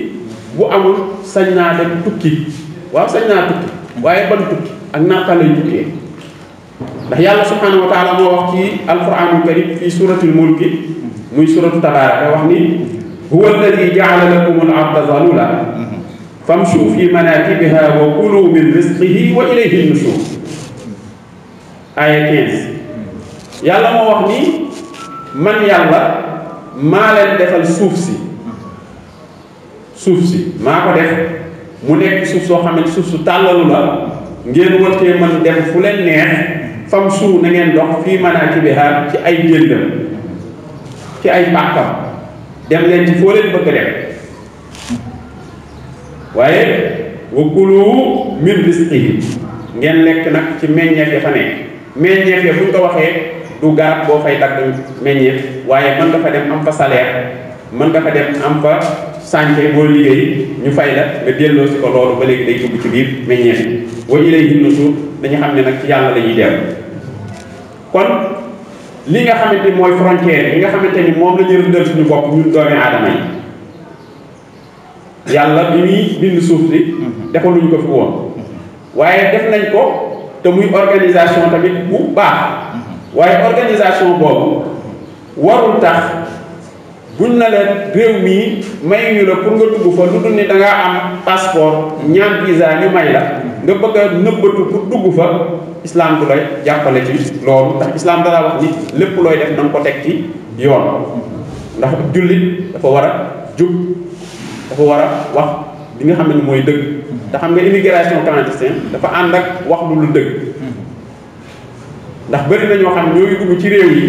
bu amul sañna dem tukki wa sañna tukki waye ban tukki ak naka lay tukkee ndax yàlla subhanahu wa taala mo wax ci alquran karim fi suratul mulk muy suratul tabarak wax ni huwa alladhi jaala lakum al ardha zalula famshu fi manakibiha wa kulu min rizqihi wa ilayhi nushur aya 15 yàlla mo wax ni man yàlla maa leen defal suuf si suuf si maa ko def mu nekk suuf soo xam ne suuf su tàllalu la ngeen war cee mën dem fu leen neex fam suuf na ngeen dox fii manaakibihaa ci ay géndam ci ay pàkkam dem leen ci foo leen bëgg dem waaye wa kulu min rizqihi ngeen lekk nag ci meññeef ya fa nekk meññeef ya buñ ko waxee du garab boo fay dagg meññeef waaye mën nga fa dem am fa salaire mën nga fa dem am fa sànke boo liggéey ñu fay la nga delloo si ko loolu ba léegi day dugg ci biir meññeef yi boo jëlee gis suuf dañu xam la ñuy dellu kon nga xamante ni mooy frontière yi nga xamante ni moom la ñu rëndal suñu bopp ñun doomi aadama yi yàlla bi bind suuf woon waaye def nañ ko te muy organisation tamit bu baax. waaye organisation boobu warul tax buñ na leen réew mii may ñu la pour nga dugg fa lu dul ni da am passeport ñaan visa ñu may la nga bëgg a nëbbatu pour dugg fa islam du lay jàppale ci loolu ndax islam dara wax ni lépp looy def na ko teg ci yoon ndax jullit dafa war a jub dafa war a wax li nga xam ne mooy dëgg te xam nga immigration clandestine dafa ànd ak wax lu lu dëgg ndax bëri na ñoo xam ne ñooy dugg ci réew yi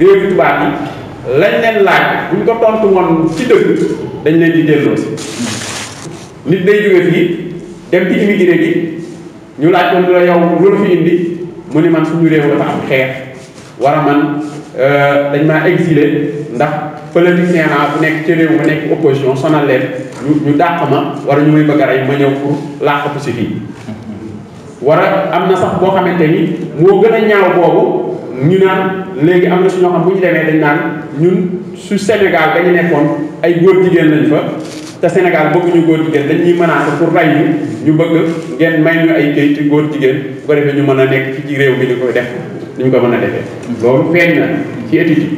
réew yi tubaab yi lañ leen laaj buñ ko tontu woon ci dëgg dañ leen di delloo si nit day jóge fii dem ci immigré gi ñu laaj kon du la yow loolu fi indi mu ni man suñu réew dafa am xeex war a man euh, dañ maa exilé ndax politicien naa bu nekk ci réew ma nekk opposition sonal leen ñu ñu dàq ma war ñu may bëgg a rey ma ñëw pour làqatu si fii war a am na sax boo xamante ni moo gën a ñaaw boobu ñu naan léegi am na su ñoo xam bu ñu demee dañ naan ñun su Sénégal dañu nekkoon ay góor jigéen lañ fa te Sénégal bëgguñu góor jigéen dañ ñuy menacer pour rey ñu ñu bëgg ngeen may ñu ay kayit góor jigéen bu ko defee ñu mën a nekk ci réew mi ñu koy def ni ñu ko mën a defee. loolu feeñ na ci étude yi.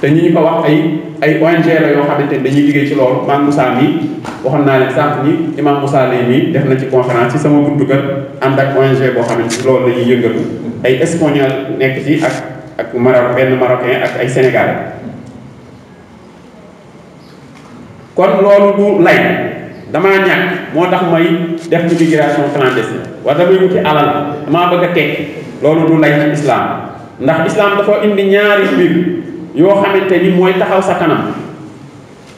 te ñu ñu ko wax ay ay ONG la yoo xamante ni dañuy liggéey ci loolu maam Moussa mii waxoon naa leen sànq ni imam Moussa lay mii def na ci conférence ci sama buntu kër ànd ak ONG boo xam ne ci loolu la ñuy yëngatu ay espagnol nekk ci ak ak Maroc benn marocain ak ay sénégalais kon loolu du lay damaa ñàkk moo tax may def immigration clandestine wala damay wuti alal damaa bëgg a tekki loolu du lay ci islam ndax islam dafa indi ñaari mbir yoo xamante ni mooy taxaw sa kanam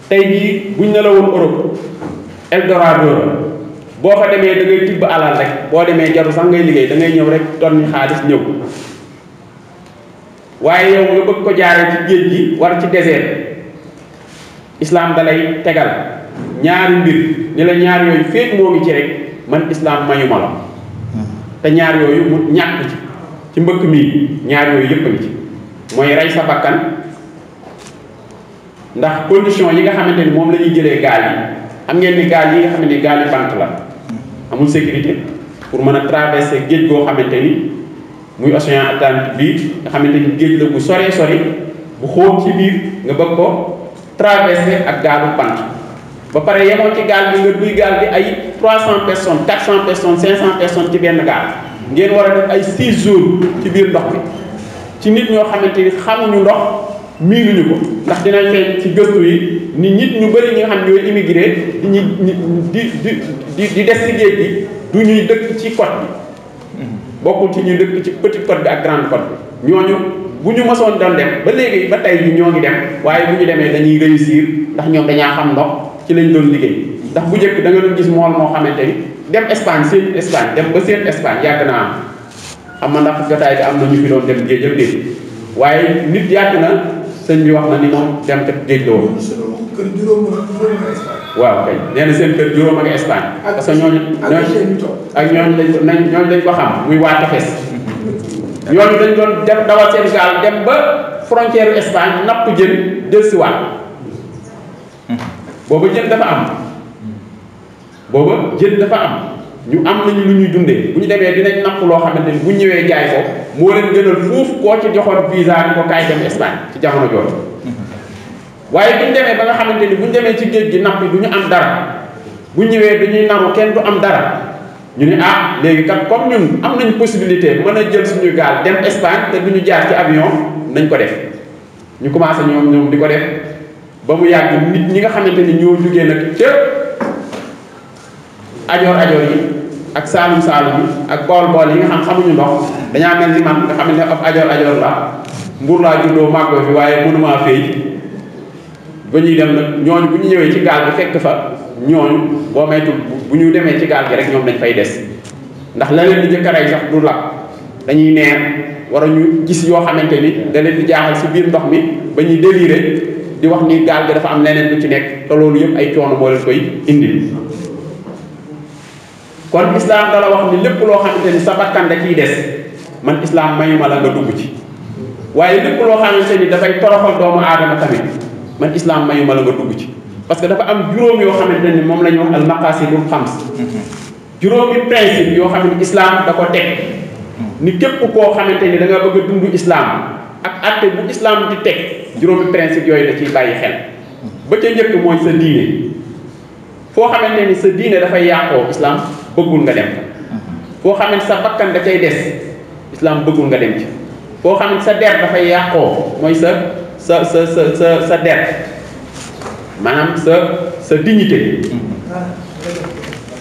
tey jii buñ ne la woon Europe boo fa demee da ngay tibb alal rek boo demee jaru sax ngay liggéey da ngay ñëw rek tonni xaalis ñëw waaye yow nga bëgg ko jaaree ci géej gi war ci désert islam da tegal ñaari mbir ni la ñaar yooyu féet moo ngi ci rek man islam mayuma la te ñaar yooyu mu ñàkk ci ci mbëkk mi ñaar yooyu yëpp ci mooy rey sa bakkan ndax condition yi nga xamante ni moom la ñuy jëlee gaal yi xam ngeen ni gaal yi nga xamante ni gaal yi banque la amul sécurité pour mën a traverser géej goo xamante ni muy océan Atlantique bii nga xamante ni géej la bu sore sori bu xóot ci biir nga bëgg ko traverser ak gaalu bant ba pare yemoo ci gaal bi nga duy gaal bi ay 300 personnes 400 personnes 500 personnes ci benn gaal ngeen war a def ay 6 jours ci biir ndox bi ci nit ñoo xamante ni ñu ndox. miinuñu ko ndax dina feeñ ci gëstu yi ni nit ñu bëri ñi nga xam ñooy immigré di ñu di di di des ci géej gi du ñuy dëkk ci côte bi bokkul ci ñuy dëkk ci petite côte bi ak grande côte bi ñooñu bu ñu mësoon doon dem ba léegi ba tey bi ñoo ngi dem waaye bu ñu demee dañuy réussir ndax ñoom dañaa xam ndox ci lañ doon liggéey ndax bu jëkk da nga doon gis mool moo xamante ni dem Espagne seen Espagne dem ba seen Espagne yàgg naa am xam ma ndax jotaay bi am na ñu fi doon dem géej ak sëñ bi wax na ni moom dem ca géej la woon. waaw kay nee seen kër juróom ak Espagne. parce ñooñu ñooñu ak ñooñu lañ ko xam muy waa Tafes. ñooñu dañ doon dem dawal seen gaal dem ba frontière Espagne napp jën dellusiwaat. Hmm. booba jën dafa am. booba jën dafa am. ñu am nañu lu ñuy dunde bu ñu demee dinañ napp loo xamante ni bu ñëwee jaay ko moo leen gënal foofu koo ci joxoon visa ni ko kaay dem Espagne ci jamono jooju waaye bu ñu demee ba nga xamante ni bu ñu demee ci géej gi napp bi du ñu am dara bu ñëwee dañuy naru kenn du am dara ñu ni ah léegi kan comme ñun am nañ possibilité mën a jël suñu gaal dem Espagne te du ñu jaar ci avion nañ ko def ñu commencé ñoom ñoom di ko def ba mu yàgg nit ñi nga xamante ni ñoo jugee nag ajoor ajoor yi ak saalum saalum yi ak bool bool yi nga xam xamuñu ndox dañaa mel ni man nga xam ne ab ajoor ajoor la mbuur laa juddoo màggoo fi waaye mënumaa fay ba ñuy dem nag bu ñu ñëwee ci gaal bi fekk fa ñooñu boo maytu bu ñu demee ci gaal gi rek ñoom dañ fay des ndax la leen di njëkk a rey sax du la dañuy neer war a ñu gis yoo xamante ni daleen leen di jaaxal si biir ndox mi ba ñuy déliré di wax nii gaal bi dafa am leneen lu ci nekk te yëpp ay coono moo leen koy indi kon islaam dala wax ni lépp loo xamante ni sa bakkan da ciy des man islaam mayuma la nga dugg ci waaye lépp loo xamante ni dafay toroxal doomu aadama tamit man islaam mayuma la nga dugg ci parce que dafa am juróom yoo xamante ni moom la ñu wax al maqasidul xams juróomi principe yoo xam ne islaam da ko teg ni képp koo xamante ni da bëgg a dund islaam ak àtte bu islaam di teg juróomi principe yooyu da ciy bàyyi xel ba ca njëkk mooy sa diine foo xamante ni sa diine dafay yàqoo islaam bëggul nga dem mhm. foo xam ne sa bakkan da cay des islam bëggul nga dem ci foo xam ne sa der dafay yàqoo mooy sa sa sa sa der sa sa dignité mhm.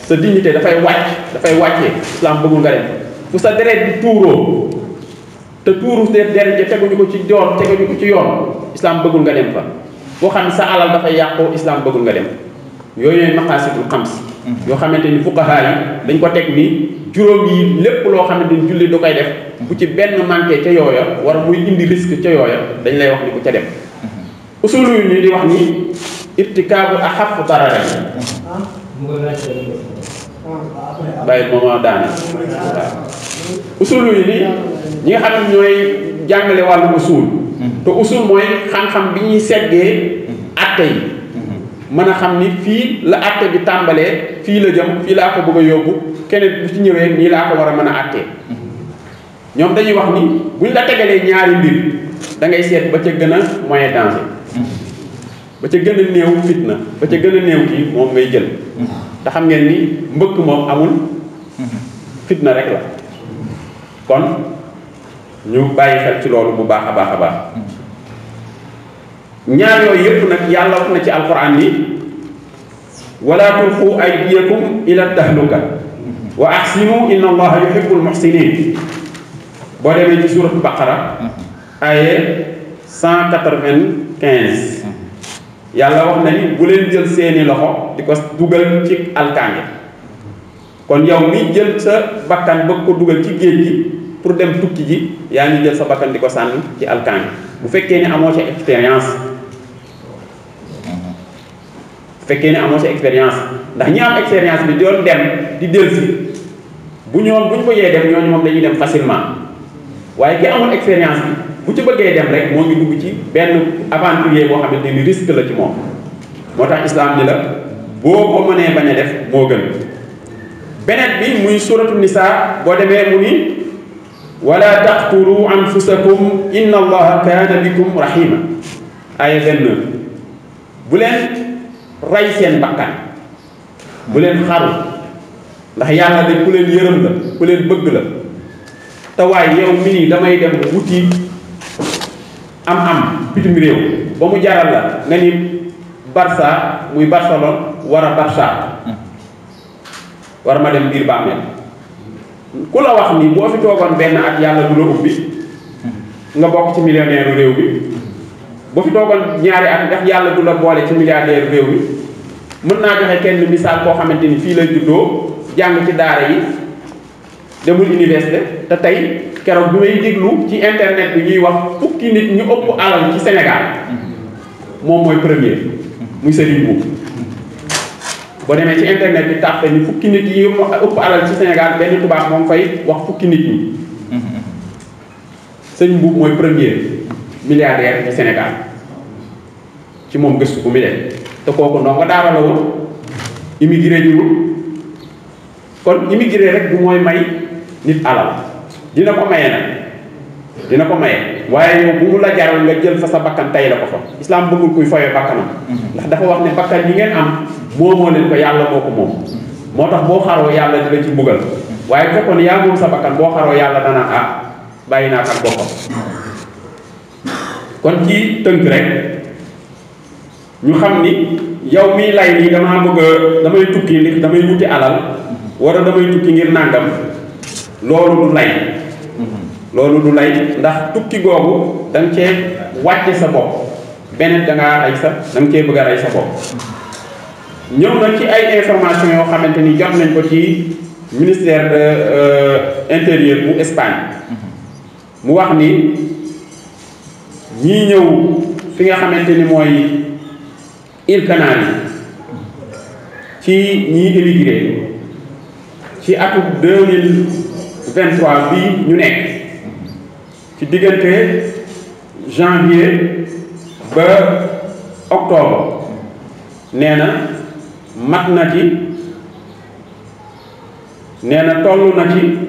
sa dafay wàcc dafay wàccee islam bëggul nga dem sa deret bi tuuroo te tuuru deret ja teguñu ko ci doon yoon islam nga dem fa foo xam ne sa alal dafay yàqoo islam bëggul nga dem yooyu ñooy xam xams yoo xamante ni fuqahaa yi dañ ko teg ni juróom yi lépp loo xamante ni julli da koy def bu ci benn manqué ca yooya war muy indi risque ca yooya dañ lay wax ni bu ca def usulu yu ni wax ni irtikaabu axaf darara bàyyi moom daane yi ni ñi nga xam ne ñooy jàngale wàllu usul mm-hmm. te usul mooy xam-xam bi ñuy seggee mm-hmm. atte yi mën a xam ni fii la àtte bi tàmbalee fii la jëm fii laa ko bëgg a yóbbu keneen bu ci ñëwee nii laa ko war a mën a àttee ñoom dañuy wax ni buñ la tegalee ñaari mbir da ngay seet ba ca gën a moyen danger ba ca gën a néew fitna ba ca gën a néew kii moom ngay jël te xam ngeen ni mbëkk moom amul fitna rek la kon ñu bàyyi xel ci loolu bu baax a baax a baax ñaar yooyu yépp nag yàlla wax na ci alquran ni wala tulqu aydiyakum ila tahluka wa ahsinu inna allaha yuhibbu almuhsinin boo demee ci surat baqara aye 195 yàlla wax na ni bu leen jël seeni loxo di ko dugal ci alkaange kon yow mi jël sa bakkan bëgg ko dugal ci géej gi pour dem tukki ji yaa ngi jël sa bakkan di ko ci alkaange bu fekkee ni amoo ci expérience fekkee ne amoo si expérience ndax ñi am expérience bi doon dem di dellusi bu ñoom bu ñu bëggee dem ñooñu moom dañuy dem facilement waaye ki amul expérience bi bu ci bëggee dem rek moo ngi dugg ci benn aventurier boo xamante ni risque la ci moom moo tax islam ni la boo ko mënee bañ a def moo gën beneen bi muy suratu nisa boo demee mu ni wala taqtulu anfusakum inna allaha kaana bikum rahima aya 29 bu leen rey seen bakkan bu leen xaru ndax yàlla de ku leen yërëm la ku leen bëgg la te waaye yow mi nii damay dem wuti am-am bitim réew ba mu jaral la nga ni Barça muy Barcelone war a Barça war ma dem biir bàmmeel ku la wax ni boo fi toogoon benn ak yàlla du la ubbi nga bokk ci millionnaire réew bi bu fi toogal ñaari at ndax yàlla du la boole ci milliardaire réew mi mën naa joxe kenn misaal koo xamante ni fii lay juddoo jàng ci daara yi demul université te tey keroog bi may déglu ci internet bi ñuy wax fukki nit ñu ëpp alal ci senegal moom mooy premier muy Serigne Mboup boo demee ci internet bi tàppe ni fukki nit yi ëpp alal ci Sénégal benn tubaab moom fay wax fukki nit ñi mm-hmm. Serigne Mboup mooy premier milliardaire ci Sénégal ci moom gëstu bu mu def te kooku ndongo daara la woon immigré jiwul kon immigré rek bu mooy may nit alal dina ko maye nag dina ko maye waaye yow bu mu la jaral nga jël fa sa bakkan tay la ko fa islam bëggul kuy foyee bakkanam ndax dafa wax ne bakkan yi ngeen am moomoo leen ko yàlla moo ko moom moo tax boo xaroo yàlla dina ci mbugal waaye bu fekkoon yaa moom sa bakkan boo xaroo yàlla danaan ah bàyyi naa ak boppam kon ci tënk rek ñu xam ni yow mi lay ni damaa bëgg a damay tukki ni damay wuti alal wala damay tukki ngir nàngam loolu du lay mm-hmm. loolu du lay ndax tukki googu da nga cee wàcce sa bopp beneen da ngaa sa da nga cee bëgg a sa bopp ñëw na ci ay information yoo xamante ni jot nañ ko ci ministère de euh, intérieur bu Espagne mm-hmm. mu wax ni ñii ñëw fi nga xamante ni mooy îles Canaries ci ñii émigré ci atum deux mille vingt trois bii ñu nekk ci diggante janvier ba octobre nee na mat na ci nee na na ci.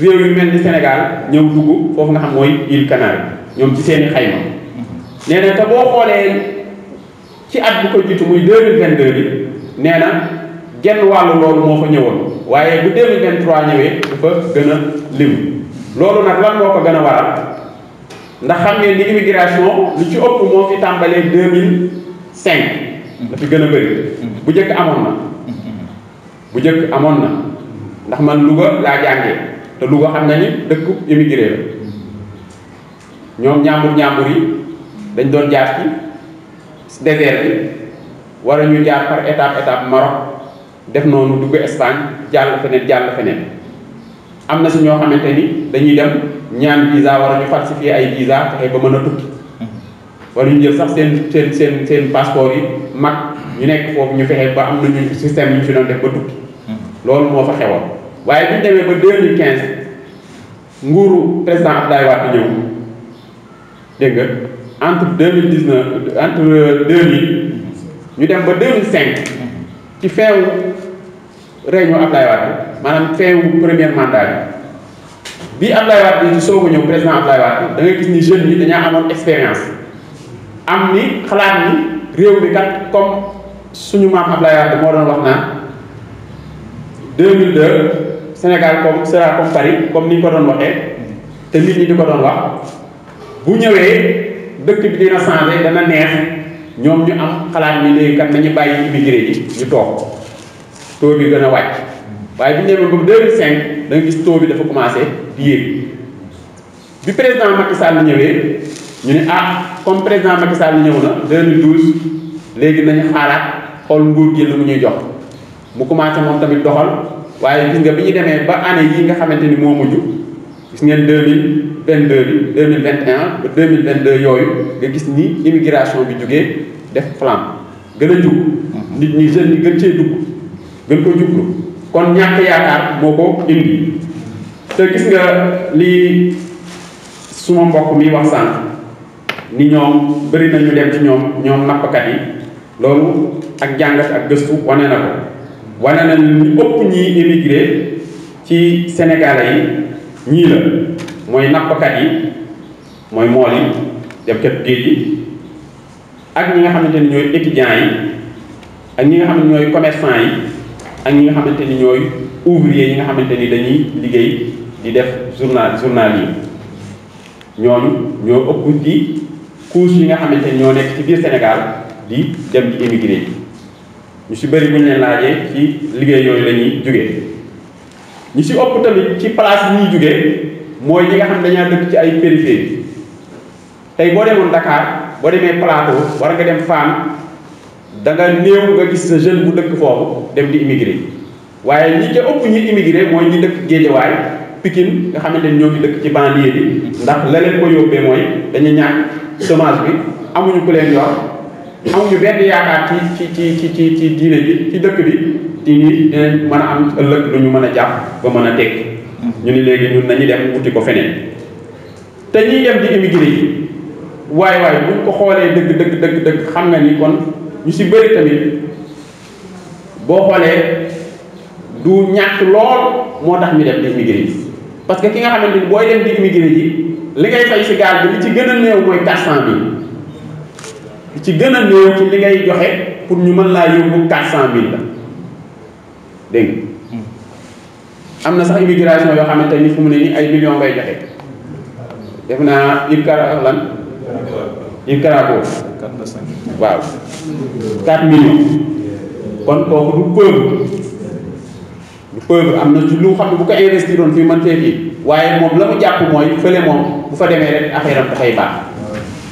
réew yu mel ni Sénégal ñëw dugg foofu nga xam mooy îles Canaries ñoom ci seeni xayma nee na te boo xoolee ci at bu ko jiitu muy 2022 bi nee na genn wàllu loolu moo fa ñëwoon waaye bu 2023 ñëwee dafa gën a lim loolu nag lan moo ko gën a waral ndax xam ngeen ni immigration lu ci ëpp moo fi tàmbalee 2005 la fi gën a bëri bu jëkk amoon na bu njëkk amoon na ndax man luga laa jàngee te Louga xam nga ni dëkk immigré la ñoom ñaambur ñaambur yi dañ doon jaar ci désert bi wala ñu jaar par étape étape Maroc def noonu dugg Espagne jàll feneen jàll feneen am na si ñoo xamante ni dañuy dem ñaan visa wala ñu falsifier ay visa fexe ba mën a tukki war ñu jël sax seen seen seen seen passeport yi mag ñu nekk foofu ñu fexe ba am nañu système yu ñu fi doon def ba tukki hmm. loolu moo fa xewoon waaye bi demee ba 2015 nguuru président Abdoulaye Wade ñëw dégg nga entre deux mille dix neuf entre euh, deux mille ñu dem ba deux mille cinq ci feewu réunion Abdoulaye Wade maanaam feewu premier mandat bi bii Abdoulaye Wade ci soog ñëw président Abdoulaye Wade da ngay gis ni jeunes yi dañaa amoon expérience am ni xalaat ni réew mi kat comme suñu maam Abdoulaye Wade moo doon wax naan Sénégal comme sera comme Paris comme ni ñu ko doon waxee te nit ñi di ko doon wax bu ñëwee dëkk bi dina changé dana neex ñoom ñu am xalaat ni léegi kat nañu bàyyi immigré yi ñu toog taux bi gën a wàcc waaye bu ñu demee ba 2005 da nga gis taux bi dafa commencé di yéeg bi président Macky Sall ñëwee ñu ne ah comme président Macky Sall ñëw na 2012 léegi nañu xaalaat xool nguur gi lu mu ñuy jox mu commencé moom tamit doxal. waye gis nga biñu démé ba année yi nga xamanteni mo muju gis ngeen 2022 bi 2021 ba 2022 yoyu nga gis ni immigration bi jugee def flambe gëna jugg mhm. nit ñi jeunes ñi gën ci dugg gën ko jugg kon ñak yaakar moko indi te gis nga li suma mbokk mi wax sànq ni ñoom bari na ñu dem ci ñoom ñoom nappkat yi loolu ak jàngat ak gëstu wane na ko wane na ñu ëpp ñii émigré ci sénégalais yi ñii la mooy nappkat yi mooy mool yi dem kat géej gi ak ñi nga xamante ni ñooy étudiants yi ak ñi nga xam ne ñooy commerçant yi ak ñi nga xamante ni ñooy ouvrier yi nga xamante ni dañuy liggéey di def journal journal yi ñooñu ñoo ëpp ci couche yi nga xamante ni ñoo nekk ci biir Sénégal di dem di émigré ñu si bëri bu ñu leen laajee ci liggéey yooyu la ñuy ñu si ëpp tamit ci place yi ñuy jugee mooy ñi nga xam dañaa dëkk ci ay périphérie tey boo demoon Dakar boo demee Plateau war nga dem Fann da nga néew nga gis sa jeune bu dëkk foofu dem di immigré waaye ñi ca ëpp ñi immigré mooy ñu dëkk Géejawaay Pikine nga xamante ne ñoo ngi dëkk ci banlieue bi ndax la leen ko yóbbee mooy dañu ñàkk chômage bi amuñu ku leen yor. amuñu benn yaakaar ci ci ci ci ci diine bi ci dëkk bi ci man a am ëllëg lu ñu mën a jàpp ba mën a teg hmm. ñu ni léegi ñun nañu dem wuti ko feneen te ñiy dem di immigré yi waaye waaye buñ ko xoolee dëgg dëgg dëgg dëgg xam nga ni kon ñu si bëri tamit boo xoolee du ñàkk lool moo tax ñu dem di immigré yi parce que ki nga xamante ni booy dem di immigré ji li ngay fay si gaal bi li ci gën a néew mooy 400 bi ci gën a ci li ngay joxe pour ñu mën laa yóbbu quatre cent mille la dégg am na sax immigration yoo xamante ni fu mu ne nii ay million ngay joxe def naa Ibkara ak lan Ibkara boobu waaw quatre millions kon kooku du pauvre du pauvre am na ci lu xam ne bu ko investiroon fii mën fee kii waaye moom la mu jàpp mooy fële moom bu fa demee rek affaire am dafay baax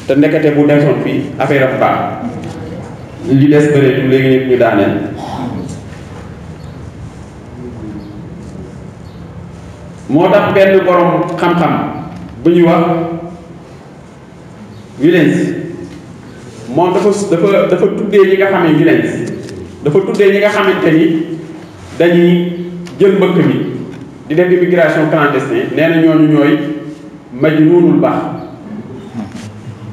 te ndekete bu desoon fii affaire am baax li des bëreetu léegi léegi ñu daaneel moo tax benn borom xam-xam bu ñuy wax violence moom dafa dafa dafa tuddee ñi nga xam ne dafa tuddee ñi nga xamante ni dañuy jël mbëkk bi di def immigration clandestine nee na ñooñu ñooy majnuunul baax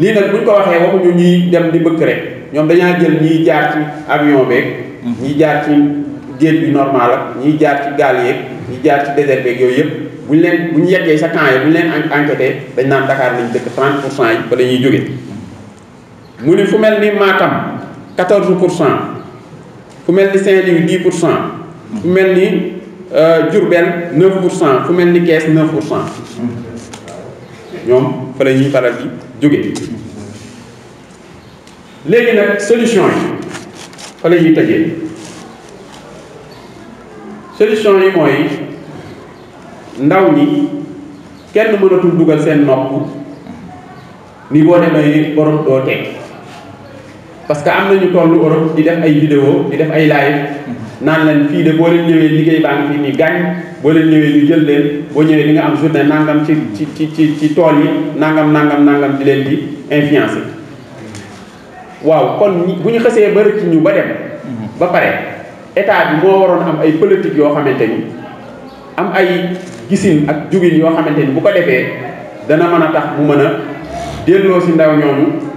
ni nag buñ ko waxé waxu ñu ñuy dem di bëkk rek ñoom dañaa jël ñi jaar ci avion bi mhm. ñi jaar ci géej bi normal ak ñi jaar ci gaal yeeg ñi jaar ci désert bi yooyu yëpp buñ leen buñ yeggé sa temps yi buñ ñu leen enquêté dañ naan Dakar lañ dëkk 30 pour cent yi fa la ñuy mu ni fu mel ni Matam 14 fu mel ni Saint-Louis 10 fu mel ni euh, Diourbel 9 fu mel ni Kees 9 mhm. ñom fa la ñuy faral di jóge léegi nag solution yi fa la ñuy tëjee solution yi mooy ndaw ñi kenn mënatul dugal seen nopp ni boo demee Europe doo teg parce que am nañu tollu Europe di def ay vidéo di def ay live naan leen fii de boo leen ñëwee liggéey baa ngi fii nii gaañ boo leen ñëwee ñu jël leen boo ñëwee li nga am journée nangam ci ci ci ci tool yi nangam nangam nangam di leen di influencé waaw kon bu ñu xësee ba rëcc ñu ba dem ba pare état bi moo waroon am ay politique yoo xamante ni am ay gisin ak jugin yoo xamante ni bu ko defee dana mën a tax bu mën a delloo si ndaw ñooñu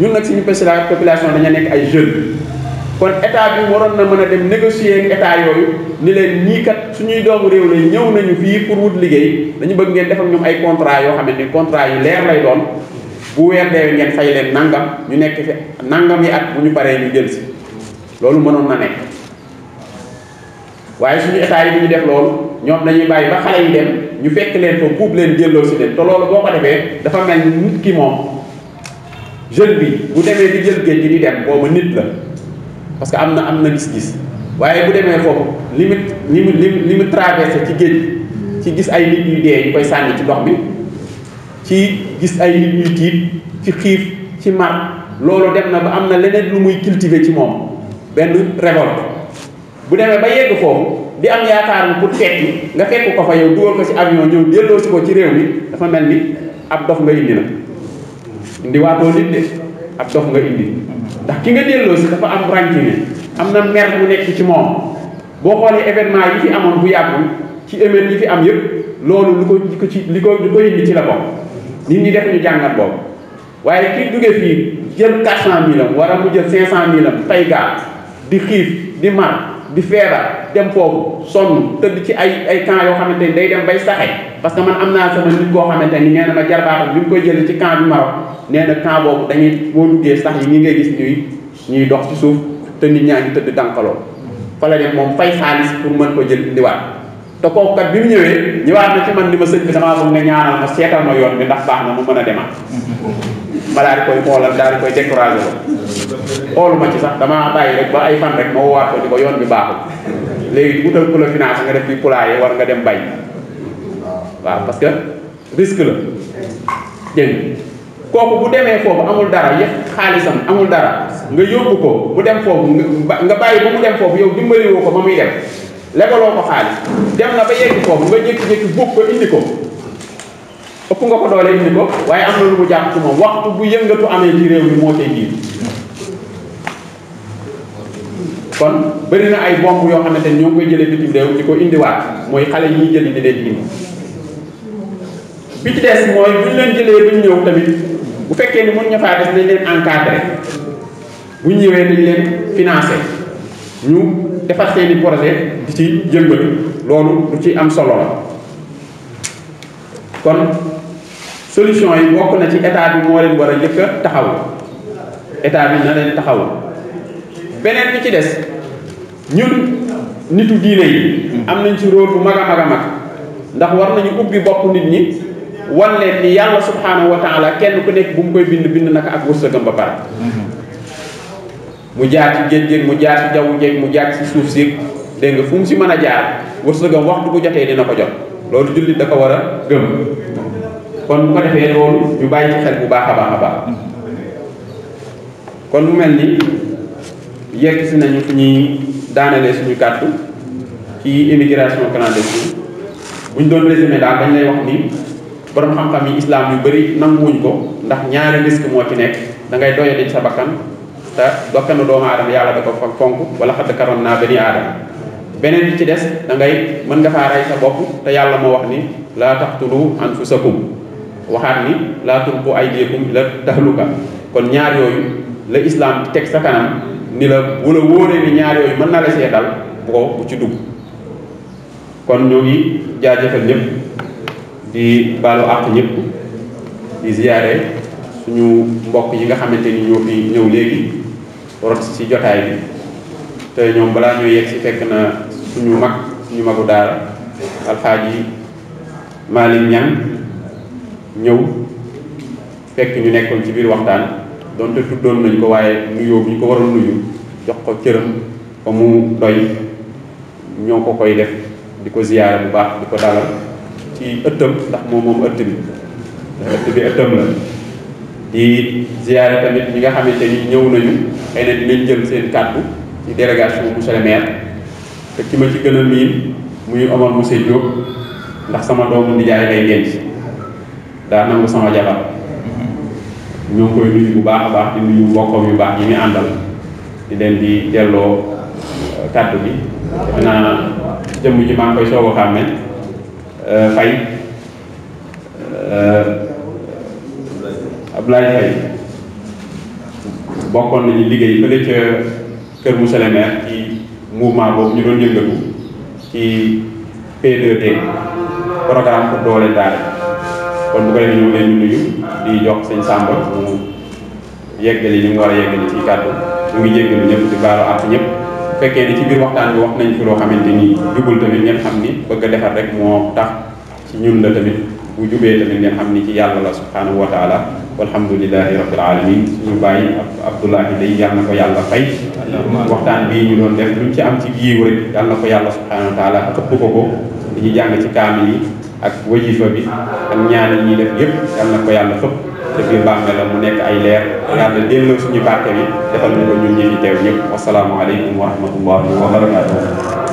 ñun nag suñu population dañu nekk ay jeunes kon état bi waroon na mën a dem négocier ak yooyu ni leen ñii kat suñuy doomu réew la ñëw nañu fii pour wut liggéey dañu bëgg ngeen defal ñu ay contrat yoo xamante ni contrat yu leer lay doon bu weer deewee ngeen fay leen nangam ñu nekk fi nangam yi at bu ñu paree ñu jël si loolu mënoon na nekk waaye suñu état yi bu ñu def loolu ñoom dañuy bàyyi ba xale yi dem ñu fekk leen fa buub leen jëlloo si leen te loolu boo ko defee dafa mel ni moom. jeune bi bu demee di jël géej gi di dem boobu nit la parce que am na am na gis-gis waaye bu demee foofu li mu li mu li mu traversé ci géej ci gis ay nit ñuy dee ñu koy sànni ci ndox bi ci gis ay nit ñuy tiit ci xiif ci mar loolu dem na ba am na leneen lu muy cultiver ci moom benn révolte bu demee ba yegg foofu di am yaakaar ni pour tekki nga fekk ko fa yow dugal ko ci avion ñëw delloo si ko ci réew mi dafa mel ni ab dof nga indi na indiwaatoo nit de ab dof nga indi ndax ki nga delloo si dafa am ràññee am na mer bu nekk ci moom boo xoolee événement yi fi amoon bu yàggul ci événement yi fi am yëpp loolu lu ko li ko ci li ko li ko indi ci la bokk nit ñi def ñu jàngat boobu waaye ki duggee fii jël quatre cent mille am wala mu jël cinq cent mille am tey di xiif di mar di feebar dem foofu sonn tëdd ci ay ay camp yoo xamante ni day dem bay saxe parce que man am naa sama nit koo xamante ni nee na ma jarbaatam bi mu koy jël ci camp bi Maroc nee na camp boobu dañuy boo duggee sax yi ñi ngay gis ñuy ñuy dox ci suuf te nit ñaa ngi tëdd dànkaloo fa la dem moom fay xaalis pour mën ko jël indiwaat te kooku kat bi mu ñëwee ñëwaat na ci man li ma sëñ bi damaa bëgg nga ñaanal ma seetal ma yoon bi ndax baax na mu mën a demaat ma daal di koy xoolal daal di koy découragé ko xooluma ci sax damaa bàyyi rek ay fan rek ma woowaat ko di ko yoon bi baaxul léegi wutal ku la finance nga def bi poulailler war nga dem bay waaw parce que risque la dégg kooku bu demee foofu amul dara yëpp xaalisam amul dara nga yóbbu ko bu dem foofu nga bàyyi ba mu dem foofu yow dimbaliwoo ko ba muy dem lebaloo ko xaalis dem na ba yegg foofu nga jékki-jékki buub ko indi ko ëpp nga ko doole indi ko waaye am na lu mu jàpp ci moom waxtu bu yëngatu amee ci réew mi moo tey jiir kon bëri na ay bomb yoo xamante ni ñoo koy jëlee bitim réew di ko indiwaat mooy xale yi ñuy jëli di leen indi bi ci des mooy bu ñu leen jëlee bi ñëw tamit bu fekkee ni mun nga faa def dañ leen encadré bu ñu ñëwee dañ leen financé ñu defar seeni projet di ci jëmbali loolu lu ci am solo la kon solution yi bokk na ci état bi moo leen war a njëkk a taxaw état bi na leen taxaw beneen bi ci des ñun nitu diine yi am nañ ci rôle bu mag a mag a mag ndax war nañu ubbi bopp nit ñi wan leen ni yàlla subhaanahu wa taala kenn ku nekk bu mu koy bind bind naka ak wërsëgam ba pare mu jaar ci géej géej mu jaar ci jaww jeeg mu jaar ci suuf si dégg nga fu mu si mën a jaar wax waxtu ko jotee dina ko jot loolu jullit da ko war a gëm kon bu ko defee loolu ñu bàyyi ci xel bu baax a baax a kon mu mel ni yegg si nañu fu ñuy daanalee suñu kàddu ci immigration clandestine buñ doon résumé daal dañ lay wax ni borom xam-xam yi islam yu bëri nanguwuñ ko ndax ñaari risque moo ci nekk da ngay doyadi sa bakkan te bakkanu doomu aadama yàlla da ko fonk wala xadd karoon naa bani aadama beneen bi ci des da mën nga faa rey sa bopp te yàlla moo wax ni laa tax taqtulu anfusakum waxaat ni laa tulqu aydiyakum ila tahluka kon ñaar yooyu la islam teg sa kanam ni la bu la wóoree ni ñaar yooyu mën na la seetal bu ko ci dugg kon ñoo ngi jaajëfal ñëpp di baalu àq ñëpp di ziyaare suñu mbokk yi nga xamante ni ñoo fi ñëw léegi rot ci jotaay bi te ñoom balaa ñuy yegg si fekk na suñu mag suñu magu daara alxaaji Malick Niang ñëw fekk ñu nekkoon ci biir waxtaan donte tuddoon nañ ko waaye nuyoo bi ñu ko waroon nuyu jox ko cëram ko mu doy ñoo ko koy def di ko ziyaara bu baax di ko dalal ci ëttam ndax moom moom ëtt bi ndax ëtt bi ëttam la di ziyaara tamit ñi nga xamante ni ñëw nañu xëy na dinañ jël seen kàddu ci délégation monsieur le maire te ki ma ci gën a miin muy Omar Moussa Diop ndax sama doomu nijaay lay ngeen daa nangu sama jabar mhm. ñoo koy nuyu bu baax a baax di nuyu mbokkam yu baax yi ñu àndal di leen di delloo euh, kàddu bi defe naa jëmm ji maa koy soog a xàmme euh, fay euh, Ablaye Fay bokkoon nañu liggéey fële ca kër monsieur le ci mouvement boobu ñu doon yëngatu ci P2D programme pour doole daara kon bu ko ñu leen di nuyu di jox sëñ Samba mu yeggali ñu wara yeggali ci kaddu mu ngi jéggalu ñëpp di baaru ak ñëpp fekkee ni ci biir waxtaan bi wax nañ fi loo xamante ni jubul tamit ngeen xam ni bëgg a defar rek moo tax ci ñun la tamit bu jubee tamit ngeen xam ni ci yàlla la subhanahu wa taala walhamdulilahi rabbil alamin suñu bàyyi abdoulahi day yàlla na ko yàlla fay waxtaan bii ñu doon def luñ ci am ci giiw rek yàlla na ko yàlla subhanahu wa taala ëpp ko ko dañuy jàng ci kaamil yi ak wajifa bi ak ñaan yi ñuy def yëpp yal na ko yàlla fëpp te biir bàmmeelam mu nekk ay leer yàlla delloo suñu barke yi defal ñu ko ñun ñi fi teew ñëpp wasalaamualeykum wa rahmatullahi wa barakatuh